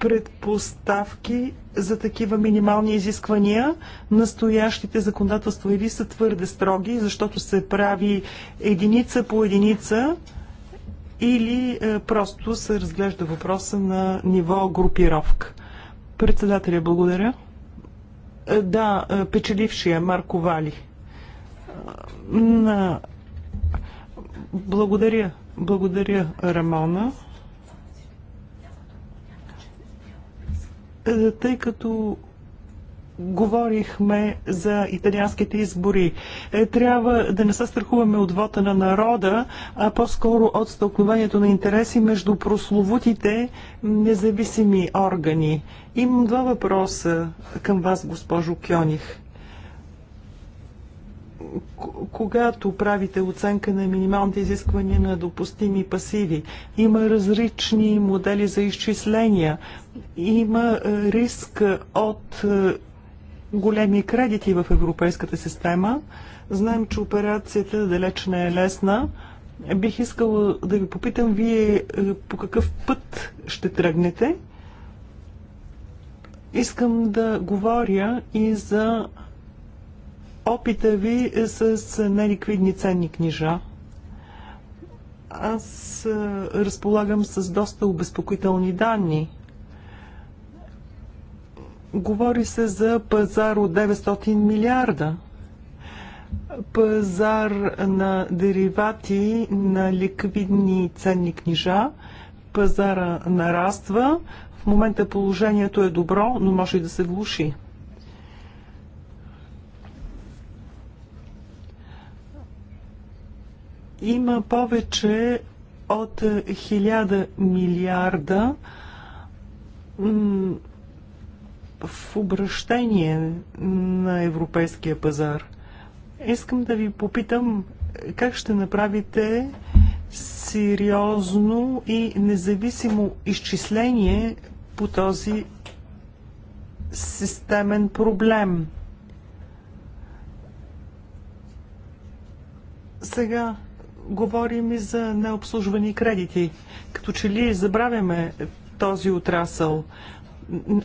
предпоставки за такива минимални изисквания. Настоящите законодателства или са твърде строги, защото се прави единица по единица или е, просто се разглежда въпроса на ниво групировка. Председателя, благодаря. Е, да, е, печелившия Марко Вали. Благодаря. Благодаря, Рамона. Е, тъй като говорихме за италианските избори. Е, трябва да не се страхуваме от вота на народа, а по-скоро от стълкновението на интереси между прословутите независими органи. Имам два въпроса към вас, госпожо Кьоних когато правите оценка на минималните изисквания на допустими пасиви, има различни модели за изчисления, има е, риск от е, големи кредити в европейската система. Знаем, че операцията далеч не е лесна. Бих искала да ви попитам вие е, по какъв път ще тръгнете. Искам да говоря и за опита ви е с е, неликвидни ценни книжа. Аз е, разполагам с доста обезпокоителни данни. Говори се за пазар от 900 милиарда. Пазар на деривати на ликвидни ценни книжа. Пазара нараства. В момента положението е добро, но може и да се влуши. Има повече от 1000 милиарда в обращение на европейския пазар. Искам да ви попитам как ще направите сериозно и независимо изчисление по този системен проблем. Сега говорим и за необслужвани кредити. Като че ли забравяме този отрасъл?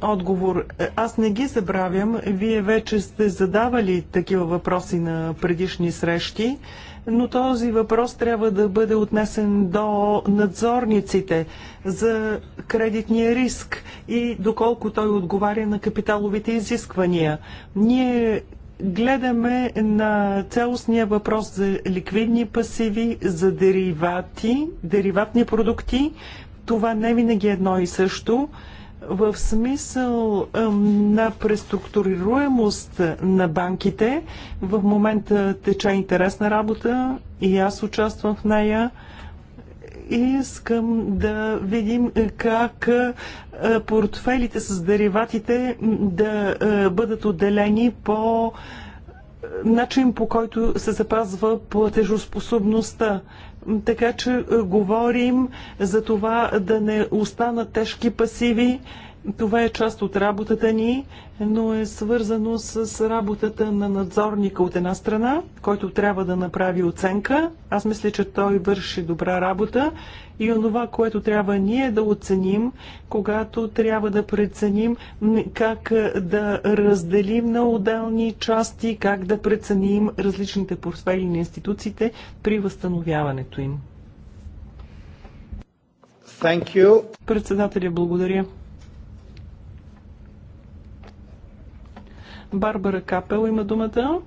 Отговор. Аз не ги забравям. Вие вече сте задавали такива въпроси на предишни срещи, но този въпрос трябва да бъде отнесен до надзорниците за кредитния риск и доколко той отговаря на капиталовите изисквания. Ние гледаме на цялостния въпрос за ликвидни пасиви, за деривати, дериватни продукти. Това не винаги е едно и също. В смисъл на преструктурируемост на банките, в момента тече интересна работа и аз участвам в нея. Искам да видим как е, портфелите с дериватите да е, бъдат отделени по е, начин по който се запазва платежоспособността. Така че говорим за това да не останат тежки пасиви, това е част от работата ни, но е свързано с работата на надзорника от една страна, който трябва да направи оценка. Аз мисля, че той върши добра работа и онова, което трябва ние да оценим, когато трябва да преценим как да разделим на отделни части, как да преценим различните портфели на институциите при възстановяването им. Thank you. Председателя, благодаря. Барбара Капел има думата.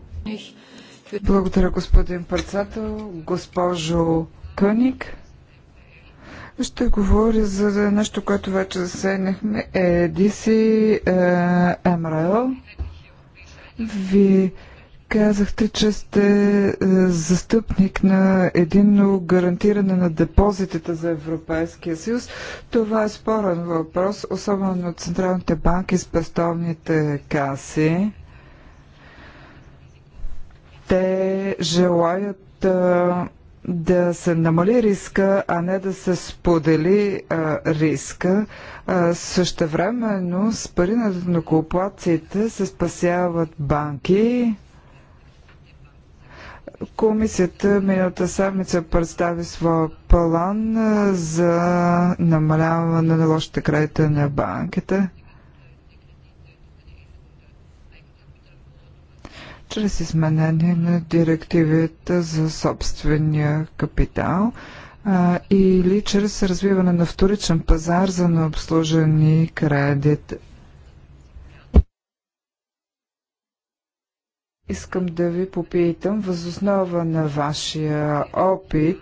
Благодаря, господин председател. Госпожо Къник, ще говоря за нещо, което вече засегнахме. Е, DC, е, Ви Казахте, че сте е, застъпник на единно гарантиране на депозитите за Европейския съюз. Това е спорен въпрос, особено от централните банки с пестовните каси. Те желаят е, да се намали риска, а не да се сподели а, е, риска. А, същевременно с пари на накоплаците се спасяват банки, Комисията миналата седмица представи своя план за намаляване на лошите кредита на банките. чрез изменение на директивите за собствения капитал а, или чрез развиване на вторичен пазар за необслужени кредити. Искам да ви попитам, възоснова на вашия опит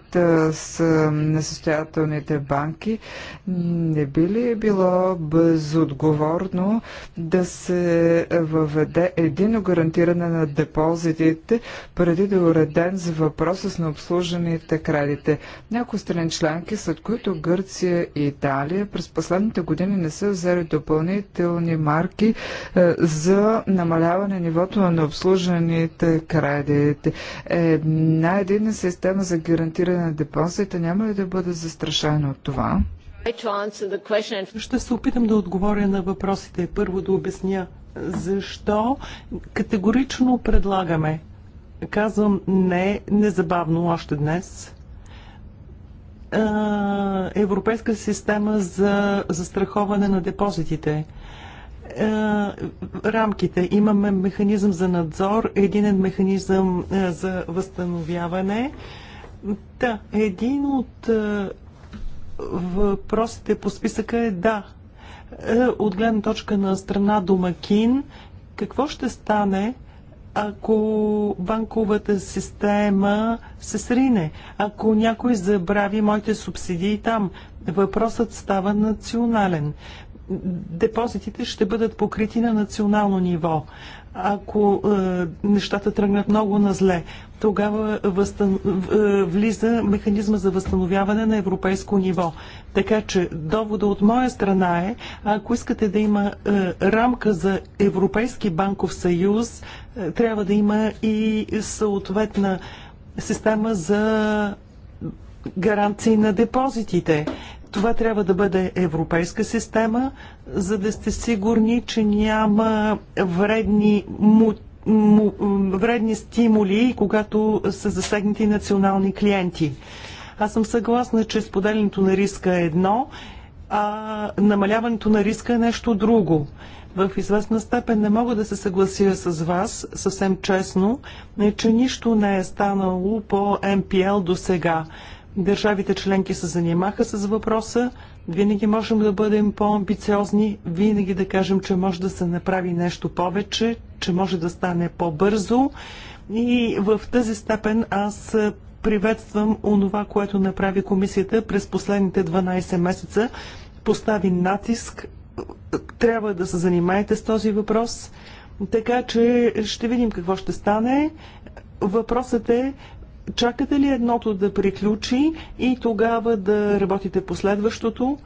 с несъстоятелните банки, не би ли е било безотговорно да се въведе едино гарантиране на депозитите, преди да е уреден за въпроса с необслужените кредите? Някои страни членки, след които Гърция и Италия, през последните години не са взели допълнителни марки за намаляване нивото на необслужените обслужваните кредити. Една единна система за гарантиране на депозита няма ли да бъде застрашена от това? Ще се опитам да отговоря на въпросите. Първо да обясня защо категорично предлагаме. Казвам не, незабавно, още днес. Европейска система за застраховане на депозитите. Е, рамките. Имаме механизъм за надзор, единен механизъм е, за възстановяване. Да, един от е, въпросите по списъка е да. От гледна точка на страна Домакин, какво ще стане, ако банковата система се срине, ако някой забрави моите субсидии там. Въпросът става национален депозитите ще бъдат покрити на национално ниво. Ако е, нещата тръгнат много на зле, тогава възстан... е, влиза механизма за възстановяване на европейско ниво. Така че довода от моя страна е, ако искате да има е, рамка за Европейски банков съюз, е, трябва да има и съответна система за гаранции на депозитите. Това трябва да бъде европейска система, за да сте сигурни, че няма вредни му, вредни стимули, когато са засегнати национални клиенти. Аз съм съгласна, че споделянето на риска е едно, а намаляването на риска е нещо друго. В известна степен не мога да се съглася с вас, съвсем честно, е, че нищо не е станало по МПЛ до сега. Държавите членки се занимаха с въпроса. Винаги можем да бъдем по-амбициозни, винаги да кажем, че може да се направи нещо повече, че може да стане по-бързо. И в тази степен аз приветствам онова, което направи комисията през последните 12 месеца. Постави натиск. Трябва да се занимаете с този въпрос. Така че ще видим какво ще стане. Въпросът е Чакате ли едното да приключи и тогава да работите по следващото?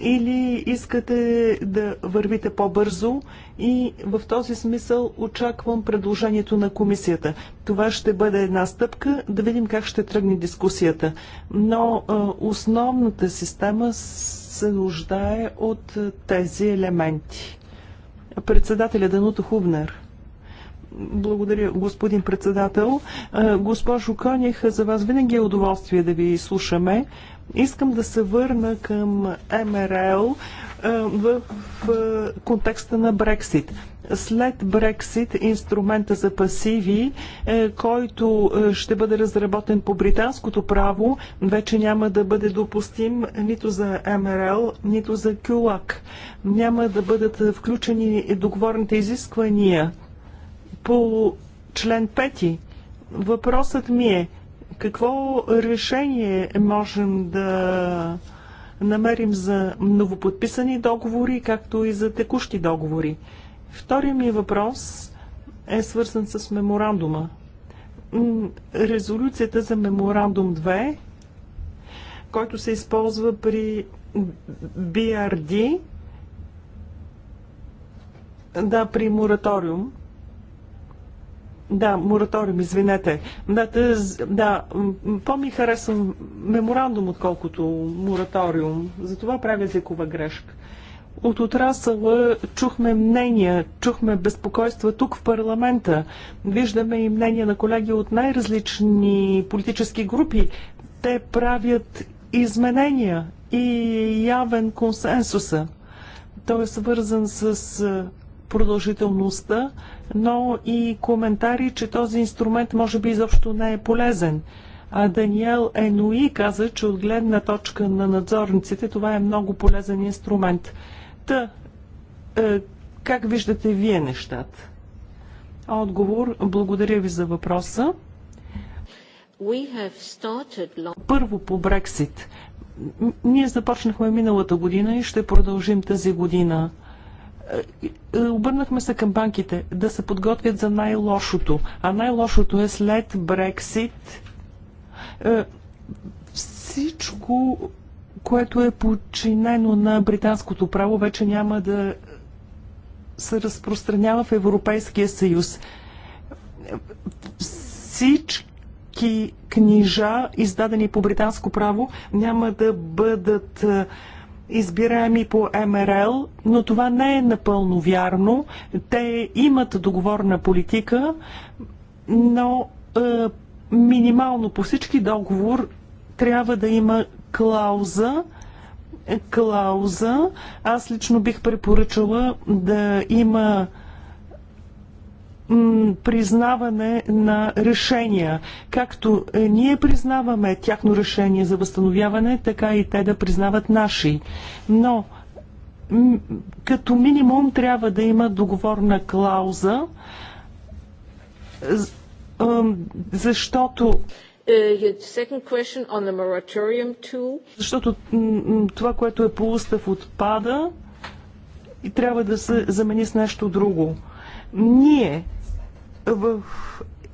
Или искате да вървите по-бързо и в този смисъл очаквам предложението на комисията. Това ще бъде една стъпка, да видим как ще тръгне дискусията. Но основната система се нуждае от тези елементи. Председателя Дануто Хубнер. Благодаря, господин председател. Госпожо Конях, за вас винаги е удоволствие да ви слушаме. Искам да се върна към МРЛ в контекста на Брексит. След Брексит инструмента за пасиви, който ще бъде разработен по британското право, вече няма да бъде допустим нито за МРЛ, нито за КЮЛАК. Няма да бъдат включени договорните изисквания по член 5 въпросът ми е какво решение можем да намерим за новоподписани договори, както и за текущи договори. Втория ми въпрос е свързан с меморандума. Резолюцията за меморандум 2, който се използва при BRD, да, при мораториум. Да, мораториум, извинете. Да, тъз, да по-ми харесвам меморандум, отколкото мораториум. Затова правя езикова грешка. От отрасъла чухме мнения, чухме безпокойства тук в парламента. Виждаме и мнения на колеги от най-различни политически групи. Те правят изменения и явен консенсуса. Той е свързан с продължителността, но и коментари, че този инструмент може би изобщо не е полезен. А Даниел Енуи каза, че от гледна точка на надзорниците това е много полезен инструмент. Та, е, как виждате вие нещата? Отговор. Благодаря ви за въпроса. Първо по Брексит. Ние започнахме миналата година и ще продължим тази година. Е, обърнахме се към банките да се подготвят за най-лошото. А най-лошото е след Брексит е, всичко, което е подчинено на британското право, вече няма да се разпространява в Европейския съюз. Всички книжа, издадени по британско право, няма да бъдат е, избираеми по МРЛ, но това не е напълно вярно. Те имат договорна политика, но е, минимално по всички договор трябва да има клауза, клауза. Аз лично бих препоръчала да има признаване на решения. Както е, ние признаваме тяхно решение за възстановяване, така и те да признават наши. Но като минимум трябва да има договорна клауза, защото е, е, защото това, което е по устав отпада и трябва да се замени с нещо друго. Ние в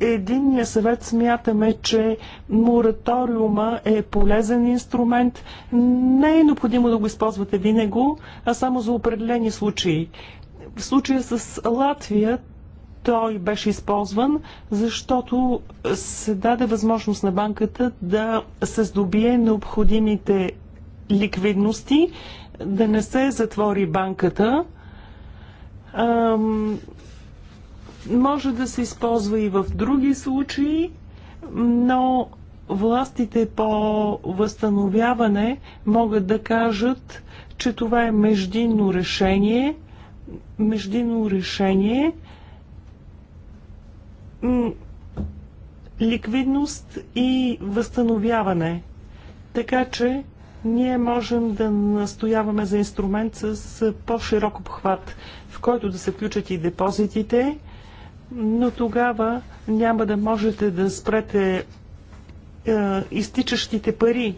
Единния съвет смятаме, че мораториума е полезен инструмент. Не е необходимо да го използвате винаги, а само за определени случаи. В случая с Латвия той беше използван, защото се даде възможност на банката да се здобие необходимите ликвидности, да не се затвори банката. Може да се използва и в други случаи, но властите по възстановяване могат да кажат, че това е междинно решение, междинно решение, ликвидност и възстановяване. Така че ние можем да настояваме за инструмент с по-широк обхват, в който да се включат и депозитите, но тогава няма да можете да спрете е, изтичащите пари.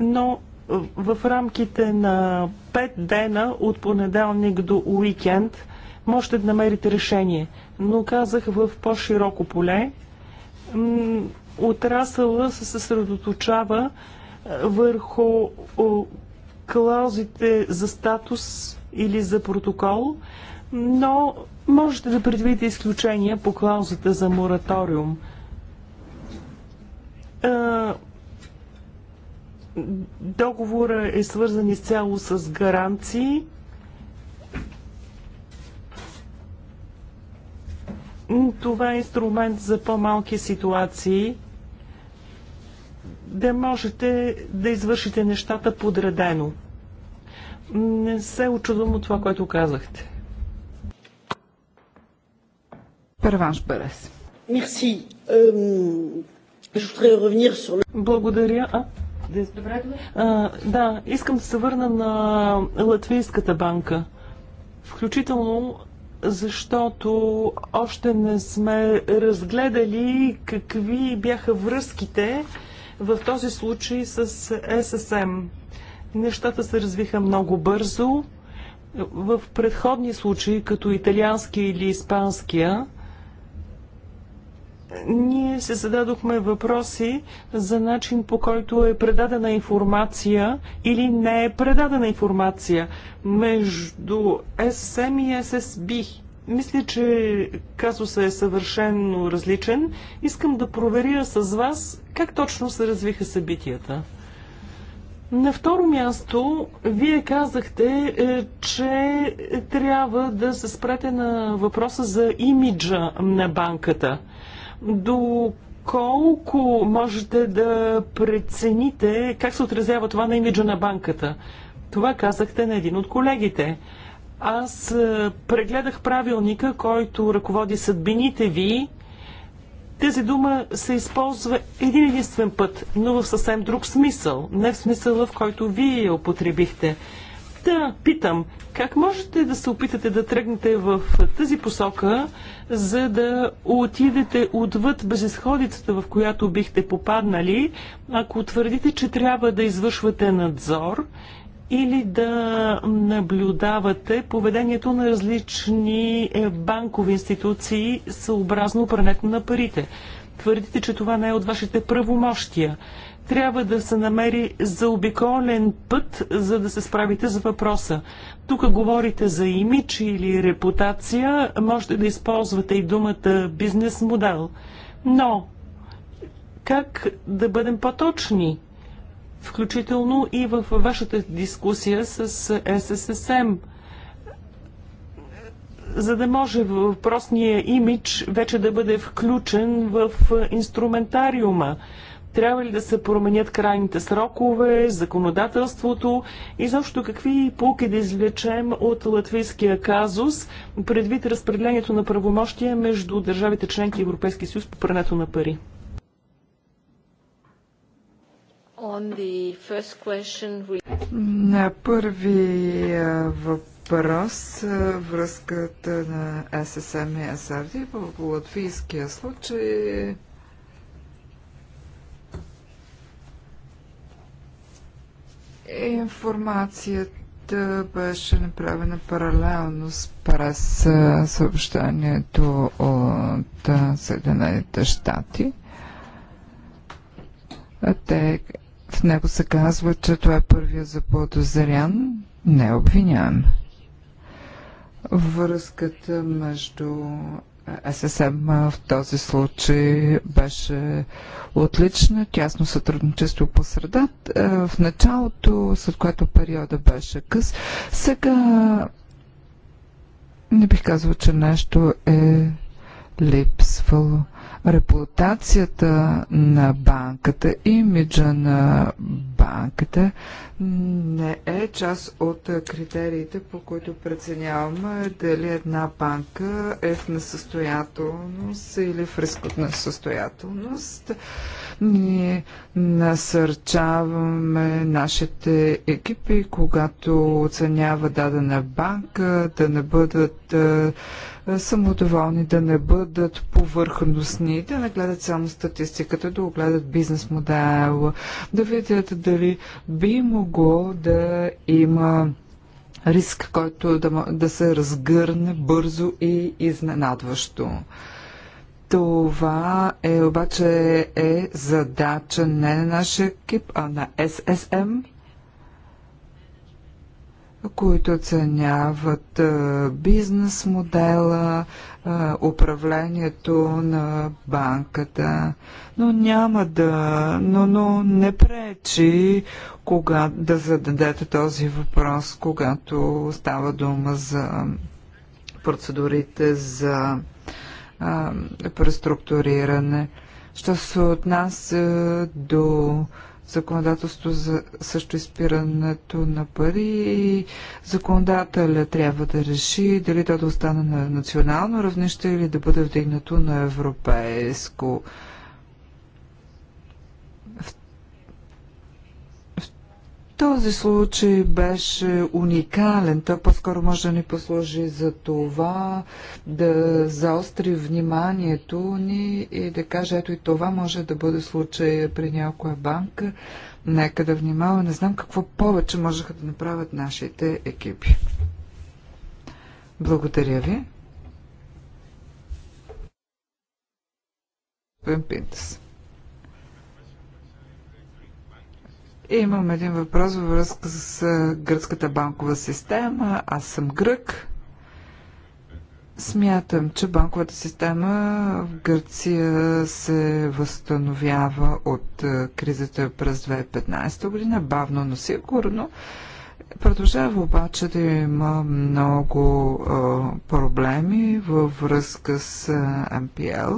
Но е, в рамките на 5 дена от понеделник до уикенд можете да намерите решение. Но казах в по-широко поле. Отрасъла се съсредоточава е, върху клаузите за статус или за протокол, но Можете да предвидите изключения по клаузата за мораториум. Договора е свързан изцяло с гаранции. Това е инструмент за по-малки ситуации, да можете да извършите нещата подредено. Не се очудвам от това, което казахте. Перванш Мерси. Euh, Благодаря. Добре, а, да, искам да се върна на Латвийската банка. Включително защото още не сме разгледали какви бяха връзките в този случай с ССМ. Нещата се развиха много бързо. В предходни случаи, като италианския или испанския, ние се зададохме въпроси за начин по който е предадена информация или не е предадена информация между SSM и SSB. Мисля, че казусът е съвършенно различен. Искам да проверя с вас как точно се развиха събитията. На второ място, вие казахте, е, че трябва да се спрете на въпроса за имиджа на банката – до колко можете да прецените как се отразява това на имиджа на банката? Това казахте на един от колегите. Аз е, прегледах правилника, който ръководи съдбините ви. Тази дума се използва един единствен път, но в съвсем друг смисъл. Не в смисъла, в който вие я употребихте. Та, питам, как можете да се опитате да тръгнете в тази посока, за да отидете отвъд безисходицата, в която бихте попаднали, ако твърдите, че трябва да извършвате надзор или да наблюдавате поведението на различни е, банкови институции съобразно прането на парите? Твърдите, че това не е от вашите правомощия трябва да се намери заобиколен път, за да се справите с въпроса. Тук говорите за имидж или репутация, можете да използвате и думата бизнес модел. Но как да бъдем по-точни? Включително и в вашата дискусия с СССМ за да може въпросния имидж вече да бъде включен в инструментариума. Трябва ли да се променят крайните срокове, законодателството и защо какви полки да извлечем от латвийския казус предвид разпределението на правомощия между държавите членки и Европейския съюз по прането на пари? На първи въпрос връзката на ССМ и СРД в латвийския случай Информацията беше направена паралелно с през съобщението от Съединените щати. Те, в него се казва, че това е първия заподозрян, не обвиняем. Връзката между ССМ в този случай беше отлична, тясно сътрудничество по среда. Е, в началото, след което периода беше къс, сега не бих казал, че нещо е липсвало репутацията на банката, имиджа на банката не е част от критериите, по които преценяваме дали една банка е в несъстоятелност или в риск от несъстоятелност. Ние насърчаваме нашите екипи, когато оценява дадена банка, да не бъдат самодоволни, да не бъдат повърхностни, да не гледат само статистиката, да огледат бизнес модела, да видят дали би могло да има риск, който да, да се разгърне бързо и изненадващо. Това е обаче е задача не на нашия екип, а на SSM които оценяват бизнес модела, управлението на банката, но няма да, но, но не пречи кога да зададете този въпрос, когато става дума за процедурите за преструктуриране. Що се отнася до законодателство за също изпирането на пари и законодателя трябва да реши дали то да остане на национално равнище или да бъде вдигнато на европейско Този случай беше уникален. Той по-скоро може да ни послужи за това да заостри вниманието ни и да каже, ето и това може да бъде случай при някоя банка. Нека да внимава. Не знам какво повече можеха да направят нашите екипи. Благодаря ви. Пинтес. Имам един въпрос във връзка с гръцката банкова система. Аз съм грък. Смятам, че банковата система в Гърция се възстановява от кризата през 2015 година, бавно, но сигурно. Продължава обаче да има много проблеми във връзка с МПЛ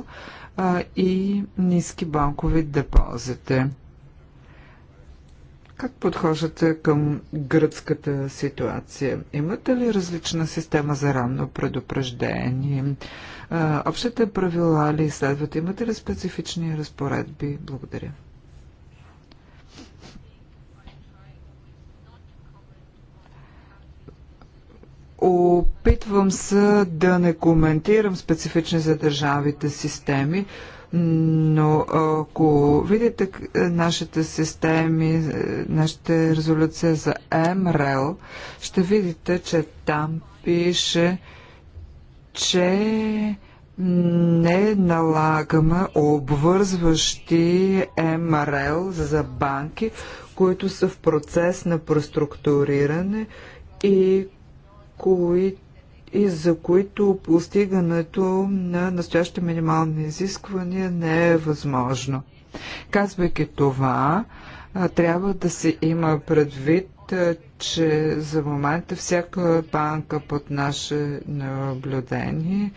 и ниски банкови депозити. Как подхождате към гръцката ситуация? Имате ли различна система за ранно предупреждение? Общите правила ли следват? Имате ли специфични разпоредби? Благодаря. Опитвам се да не коментирам специфични за държавите системи, но ако видите нашите системи, е, нашата резолюция за МРЛ, ще видите, че там пише, че не налагаме обвързващи МРЛ за банки, които са в процес на преструктуриране и които и за които постигането на настоящите минимални изисквания не е възможно. Казвайки това, трябва да се има предвид, че за момента всяка банка под наше наблюдение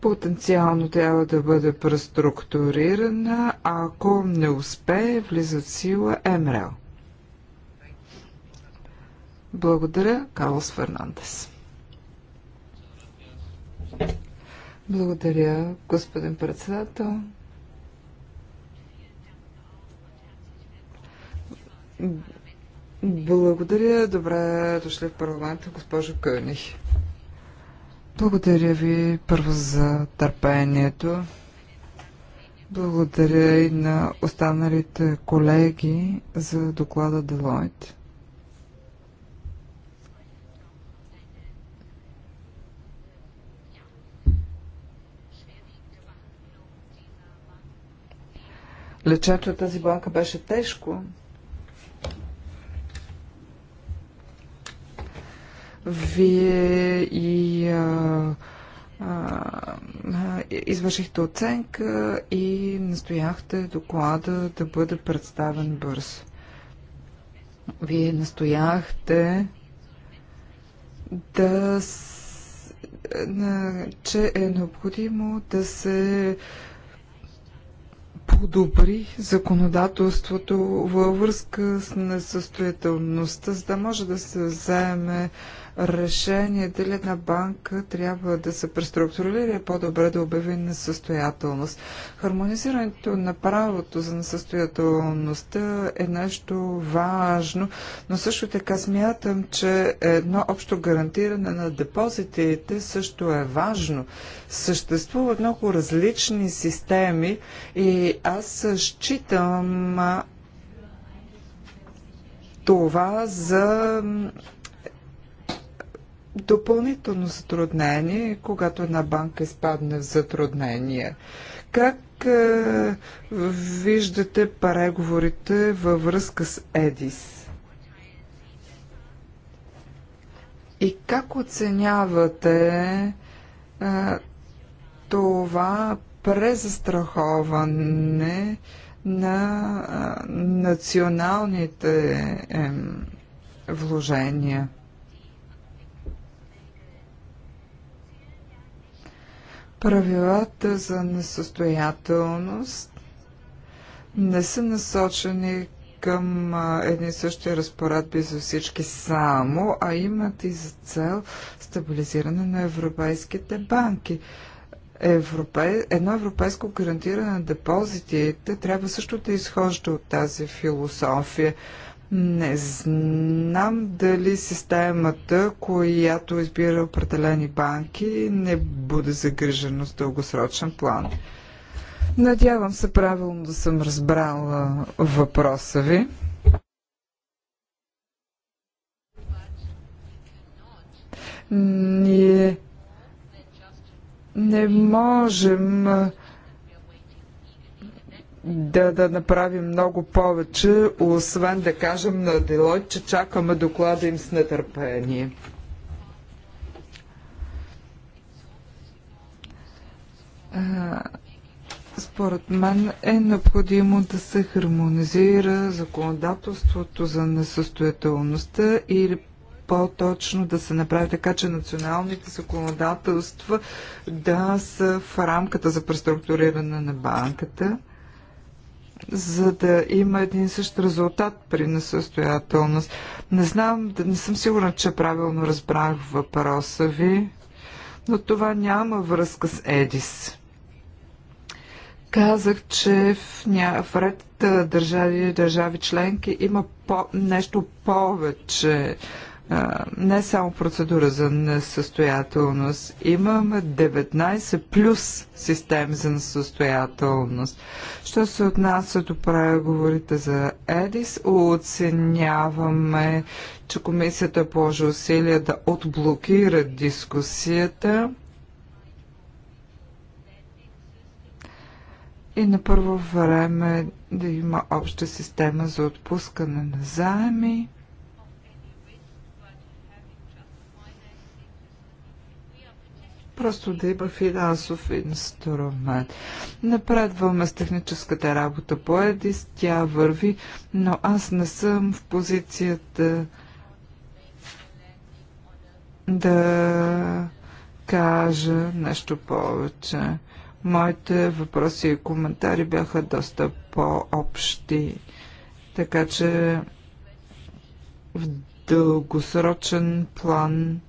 потенциално трябва да бъде преструктурирана, ако не успее влизат в сила МРЛ. Благодаря, Карлос Фернандес. Благодаря, господин председател. Благодаря. Добре дошли в парламента, госпожо Къних. Благодаря ви първо за търпението. Благодаря и на останалите колеги за доклада Делойте. Лечението на тази болка беше тежко. Вие и а, извършихте оценка и настояхте доклада да бъде представен бърз. Вие настояхте да че е необходимо да се подобри законодателството във връзка с несъстоятелността, за да може да се вземе решение дали една банка трябва да се преструктурира или е по-добре да обяви несъстоятелност. Хармонизирането на правото за несъстоятелността е нещо важно, но също така смятам, че едно общо гарантиране на депозитите също е важно. Съществуват много различни системи и аз считам това за допълнително затруднение, когато една банка изпадне в затруднение. Как е, виждате преговорите във връзка с ЕДИС? И как оценявате е, това презастраховане на е, националните е, вложения? Правилата за несъстоятелност не са насочени към едни същи разпоредби за всички само, а имат и за цел стабилизиране на европейските банки. Европей... Едно европейско гарантиране на депозитите трябва също да изхожда от тази философия. Не знам дали системата, която избира определени банки, не бъде загрижена с дългосрочен план. Надявам се правилно да съм разбрала въпроса ви. Ние не можем да, да направим много повече, освен да кажем на Делойт, че чакаме доклада им с нетърпение. Според мен е необходимо да се хармонизира законодателството за несъстоятелността или по-точно да се направи така, че националните законодателства да са в рамката за преструктуриране на банката за да има един същ резултат при несъстоятелност. Не знам, не съм сигурна, че правилно разбрах въпроса ви, но това няма връзка с Едис. Казах, че в, ня... в ред държави, държави членки има по... нещо повече не само процедура за несъстоятелност, имаме 19 плюс системи за несъстоятелност. Що се отнася до преговорите за ЕДИС, оценяваме, че комисията положи усилия да отблокира дискусията и на първо време да има обща система за отпускане на заеми. просто да има финансов инструмент. Напредваме с техническата работа по ЕДИС, тя върви, но аз не съм в позицията да кажа нещо повече. Моите въпроси и коментари бяха доста по-общи, така че в дългосрочен план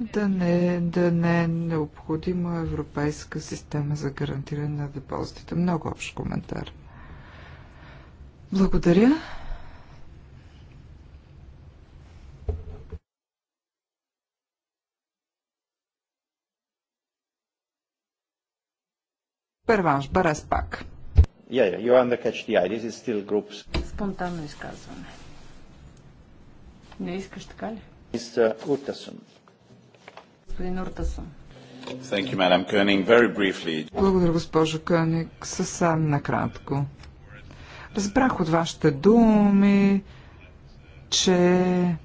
да не, да не е необходима европейска система за гарантиране на депозитите. Много общ коментар. Благодаря. Перванш, Барас пак. Yeah, yeah, under catch the eye. This is still groups. Спонтанно изказване. Не искаш така ли? Господин Благодаря, госпожо Кърник. Съвсем накратко. Разбрах от вашите думи, че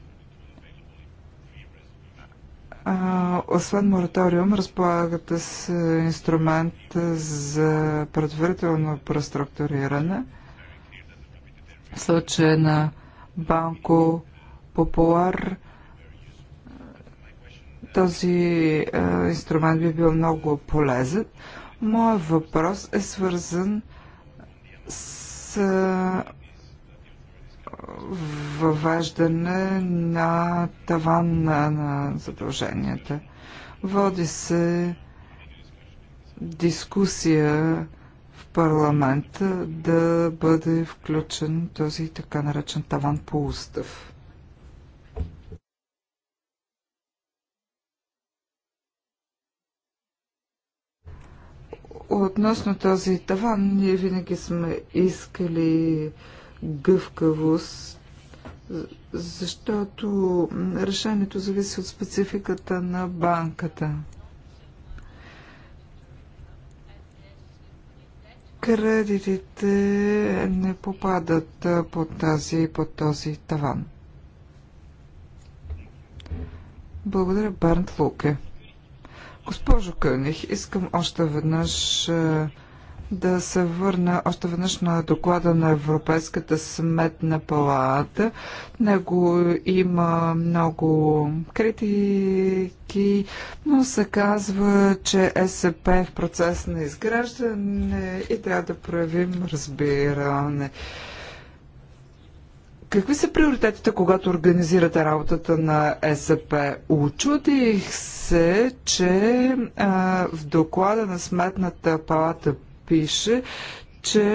а, освен мораториум, разполагате с инструмент за предварително преструктуриране в случая на Банко Популар този а, е, инструмент би бил много полезен. Моят въпрос е свързан с а, е, въвеждане на таван на, на задълженията. Води се дискусия в парламента да бъде включен този така наречен таван по устав. Относно този таван, ние винаги сме искали гъвкавост, защото решението зависи от спецификата на банката. Кредитите не попадат под, тази, под този таван. Благодаря, Барнт Луке. Госпожо Къних, искам още веднъж е, да се върна още веднъж на доклада на Европейската сметна палата. Него има много критики, но се казва, че СП е в процес на изграждане и трябва да проявим разбиране. Какви са приоритетите, когато организирате работата на СП? Очудих се, че а, в доклада на Сметната палата пише, че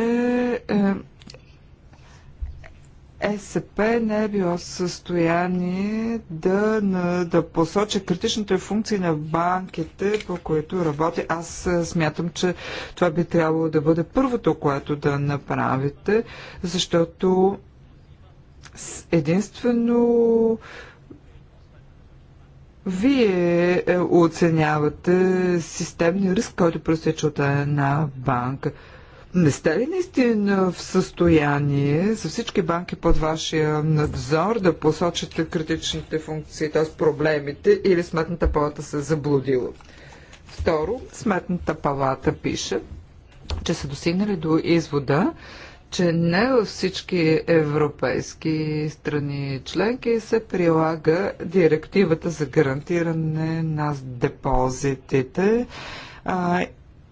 ЕСП не е било в състояние да, на, да посочи критичните функции на банките, по които работи. Аз е, смятам, че това би трябвало да бъде първото, което да направите, защото единствено вие е, оценявате системния риск, който пресече от една банка. Не сте ли наистина в състояние за всички банки под вашия надзор да посочите критичните функции, т.е. проблемите или сметната палата се е заблудила? Второ, сметната палата пише, че са достигнали до извода, че не във всички европейски страни членки се прилага директивата за гарантиране на депозитите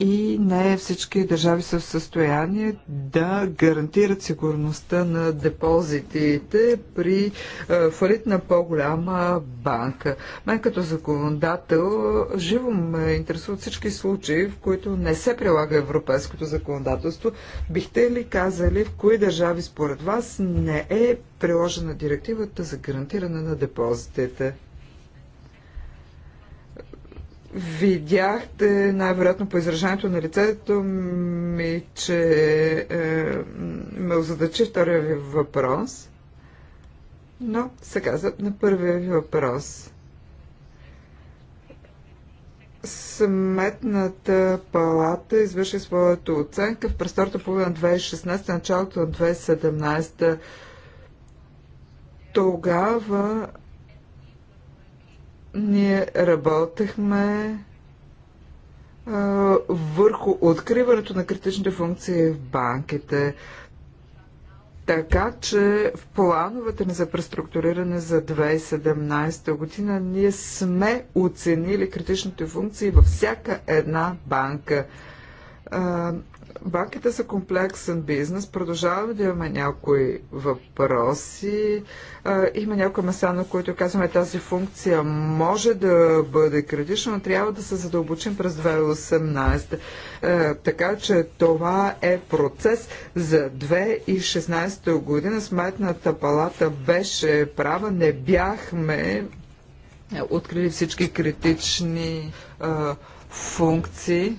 и не всички държави са в състояние да гарантират сигурността на депозитите при е, фалит на по-голяма банка. Мен като законодател живо ме интересуват всички случаи, в които не се прилага европейското законодателство. Бихте ли казали в кои държави според вас не е приложена директивата за гарантиране на депозитите? Видяхте най-вероятно по изражението на лицето ми, че е, ме озадачи втория ви въпрос. Но сега за, на първия ви въпрос. Сметната палата извърши своята оценка в престората половина на 2016, началото на 2017. Тогава ние работехме върху откриването на критичните функции в банките. Така че в плановете ни за преструктуриране за 2017 година ние сме оценили критичните функции във всяка една банка банките са комплексен бизнес. Продължаваме да имаме някои въпроси. Има някои места, на които казваме тази функция може да бъде критична, но трябва да се задълбочим през 2018. Така че това е процес за 2016 година. Сметната палата беше права. Не бяхме е, открили всички критични функции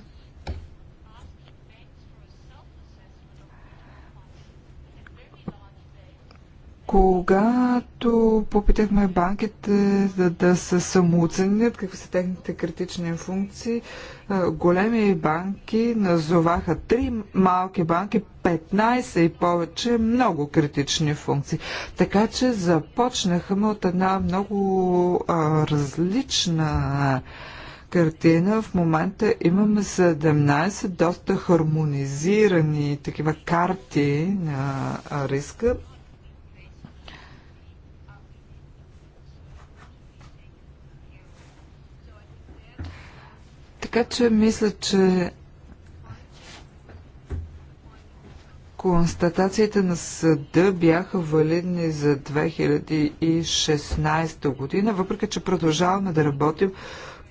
Когато попитахме банките за да се самооценят какви са техните критични функции, големи банки назоваха три малки банки, 15 и повече много критични функции. Така че започнахме от една много а, различна картина. В момента имаме 17 доста хармонизирани такива карти на риска Така че мисля, че констатациите на съда бяха валидни за 2016 година, въпреки че продължаваме да работим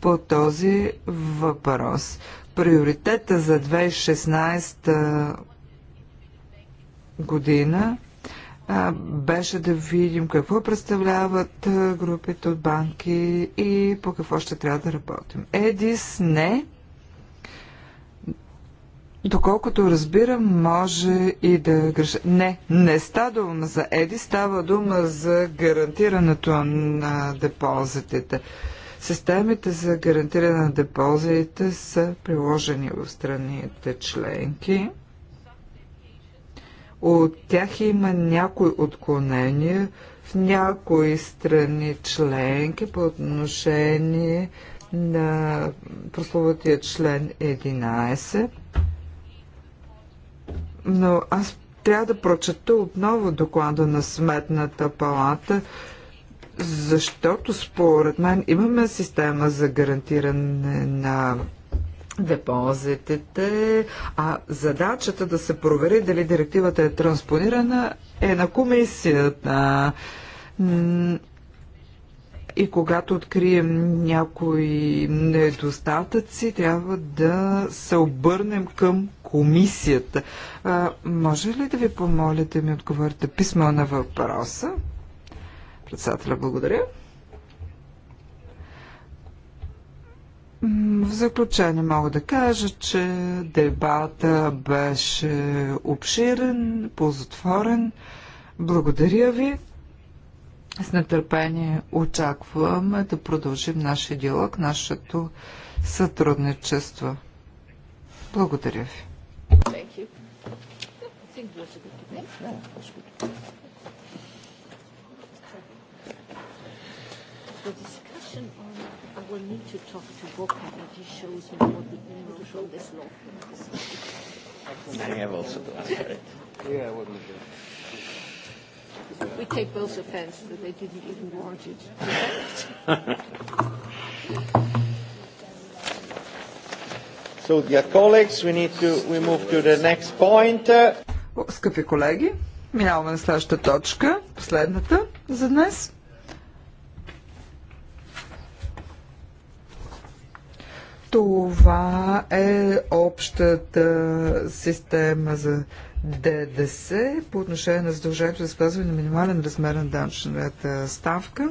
по този въпрос. Приоритета за 2016 година беше да видим какво представляват групите от банки и по какво ще трябва да работим. Едис не. Доколкото разбирам, може и да греша. Не, не става дума за Еди, става дума за гарантирането на депозитите. Системите за гарантиране на депозитите са приложени в страните членки. От тях има някои отклонения в някои страни членки по отношение на прословутия член 11. Но аз трябва да прочета отново доклада на Сметната палата, защото според мен имаме система за гарантиране на депозитите, а задачата да се провери дали директивата е транспонирана е на комисията. И когато открием някои недостатъци, трябва да се обърнем към комисията. А, може ли да ви помоля да ми отговорите писмо на въпроса? Председателя, благодаря. В заключение мога да кажа, че дебата беше обширен, ползотворен. Благодаря ви. С нетърпение очакваме да продължим нашия диалог, нашето сътрудничество. Благодаря ви. Thank will need to talk to Boca if he shows me what the email from this law firm is. I have also done it. Yeah, I wouldn't do We take both offense that they didn't even warrant it. so, dear colleagues, we need to we move to the next point. Скъпи колеги, минаваме на следващата точка, последната за днес. Това е общата система за ДДС по отношение на задължението за спазване на минимален размер на данъчната ставка.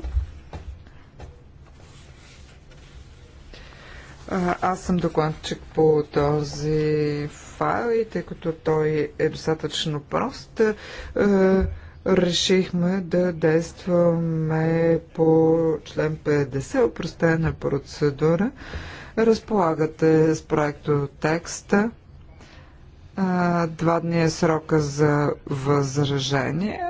Аз съм докладчик по този файл и тъй като той е достатъчно прост, решихме да действаме по член 50, опростена процедура. Разполагате с проекто текста. Два дни е срока за възражение,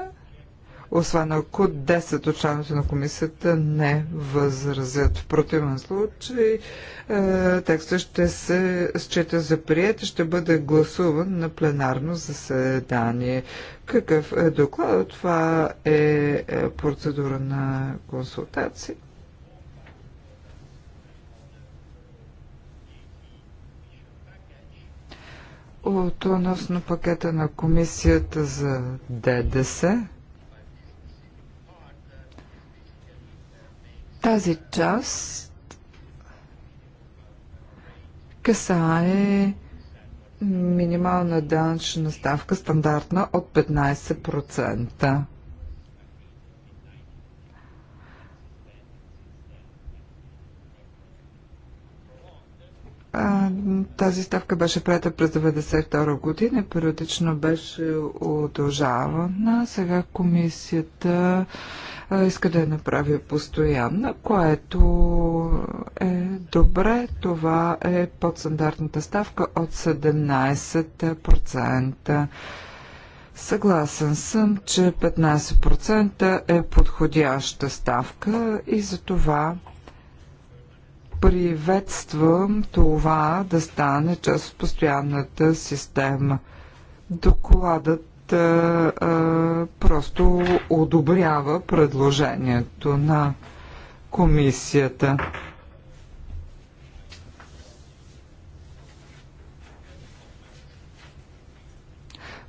освен ако 10 от членовете на комисията не възразят. В противен случай е, текстът ще се счита за прият и ще бъде гласуван на пленарно заседание. Какъв е доклад? Това е, е процедура на консултации. От относно пакета на комисията за ДДС. Тази част касае минимална данъчна ставка стандартна от 15%. Тази ставка беше прета през 1992 година, периодично беше удължавана. Сега комисията иска да я направи постоянна, което е добре. Това е подстандартната ставка от 17%. Съгласен съм, че 15% е подходяща ставка и за това приветствам това да стане част от постоянната система. Докладът а, е, а, е, просто одобрява предложението на комисията.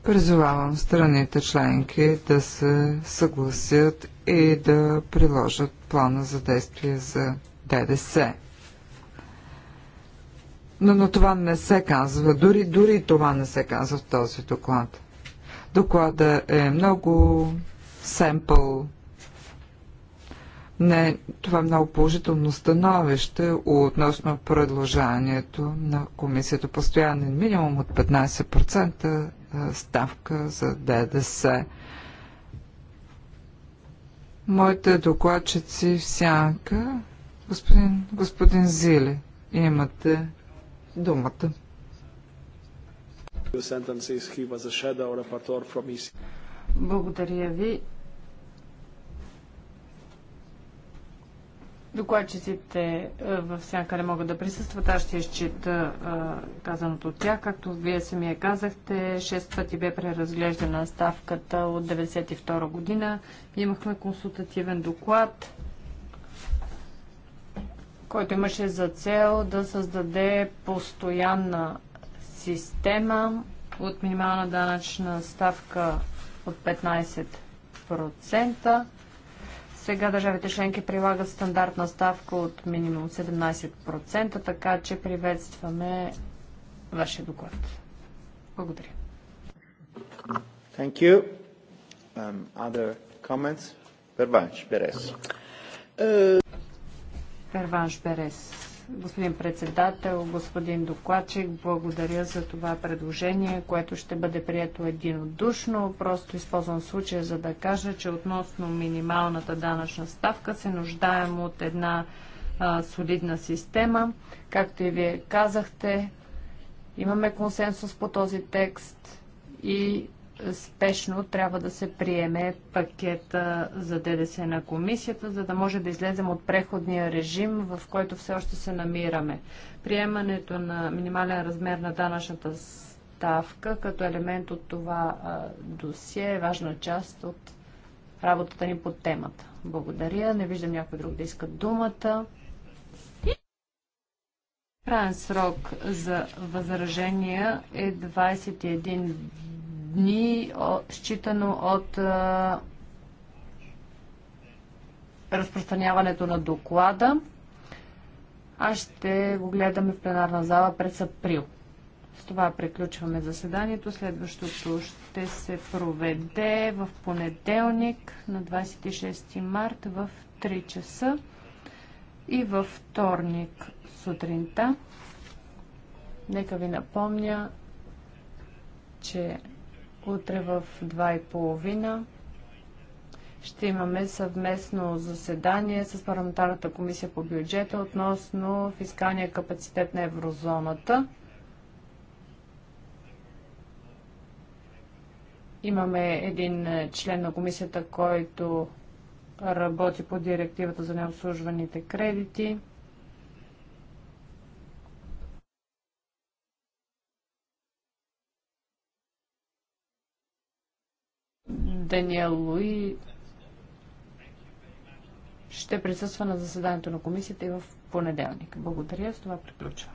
Призовавам страните членки да се съгласят и да приложат плана за действие за ДДС но, но това не се казва. Дори, дори това не се казва в този доклад. Доклада е много семпъл. Не, това е много положително становище относно предложението на комисията. Постоянен минимум от 15% е, ставка за ДДС. Моите докладчици всяка, сянка, господин, господин Зиле, имате думата. Благодаря ви. Докладчиците е, в сянка не могат да присъстват. Аз ще изчита е, казаното от тях. Както вие я казахте, 6 пъти бе преразглеждана ставката от 1992 година. Имахме консултативен доклад който имаше за цел да създаде постоянна система от минимална данъчна ставка от 15%. Сега държавите членки прилагат стандартна ставка от минимум 17%, така че приветстваме вашия доклад. Благодаря. Thank you. Um, other comments? Uh... Ерванш Берес. Господин председател, господин докладчик, благодаря за това предложение, което ще бъде прието единодушно. Просто използвам случая, за да кажа, че относно минималната данъчна ставка се нуждаем от една а, солидна система. Както и вие казахте, имаме консенсус по този текст и спешно трябва да се приеме пакета за ДДС на комисията, за да може да излезем от преходния режим, в който все още се намираме. Приемането на минимален размер на данъчната ставка като елемент от това досие е важна част от работата ни по темата. Благодаря. Не виждам някой друг да иска думата. Крайен срок за възражения е 21 дни, считано от разпространяването на доклада, а ще го гледаме в пленарна зала през април. С това приключваме заседанието. Следващото ще се проведе в понеделник на 26 март в 3 часа и във вторник сутринта. Нека ви напомня, че Утре в 2.30 ще имаме съвместно заседание с парламентарната комисия по бюджета относно фискалния капацитет на еврозоната. Имаме един член на комисията, който работи по директивата за необслужваните кредити. Даниел Луи ще присъства на заседанието на комисията и в понеделник. Благодаря. С това приключва.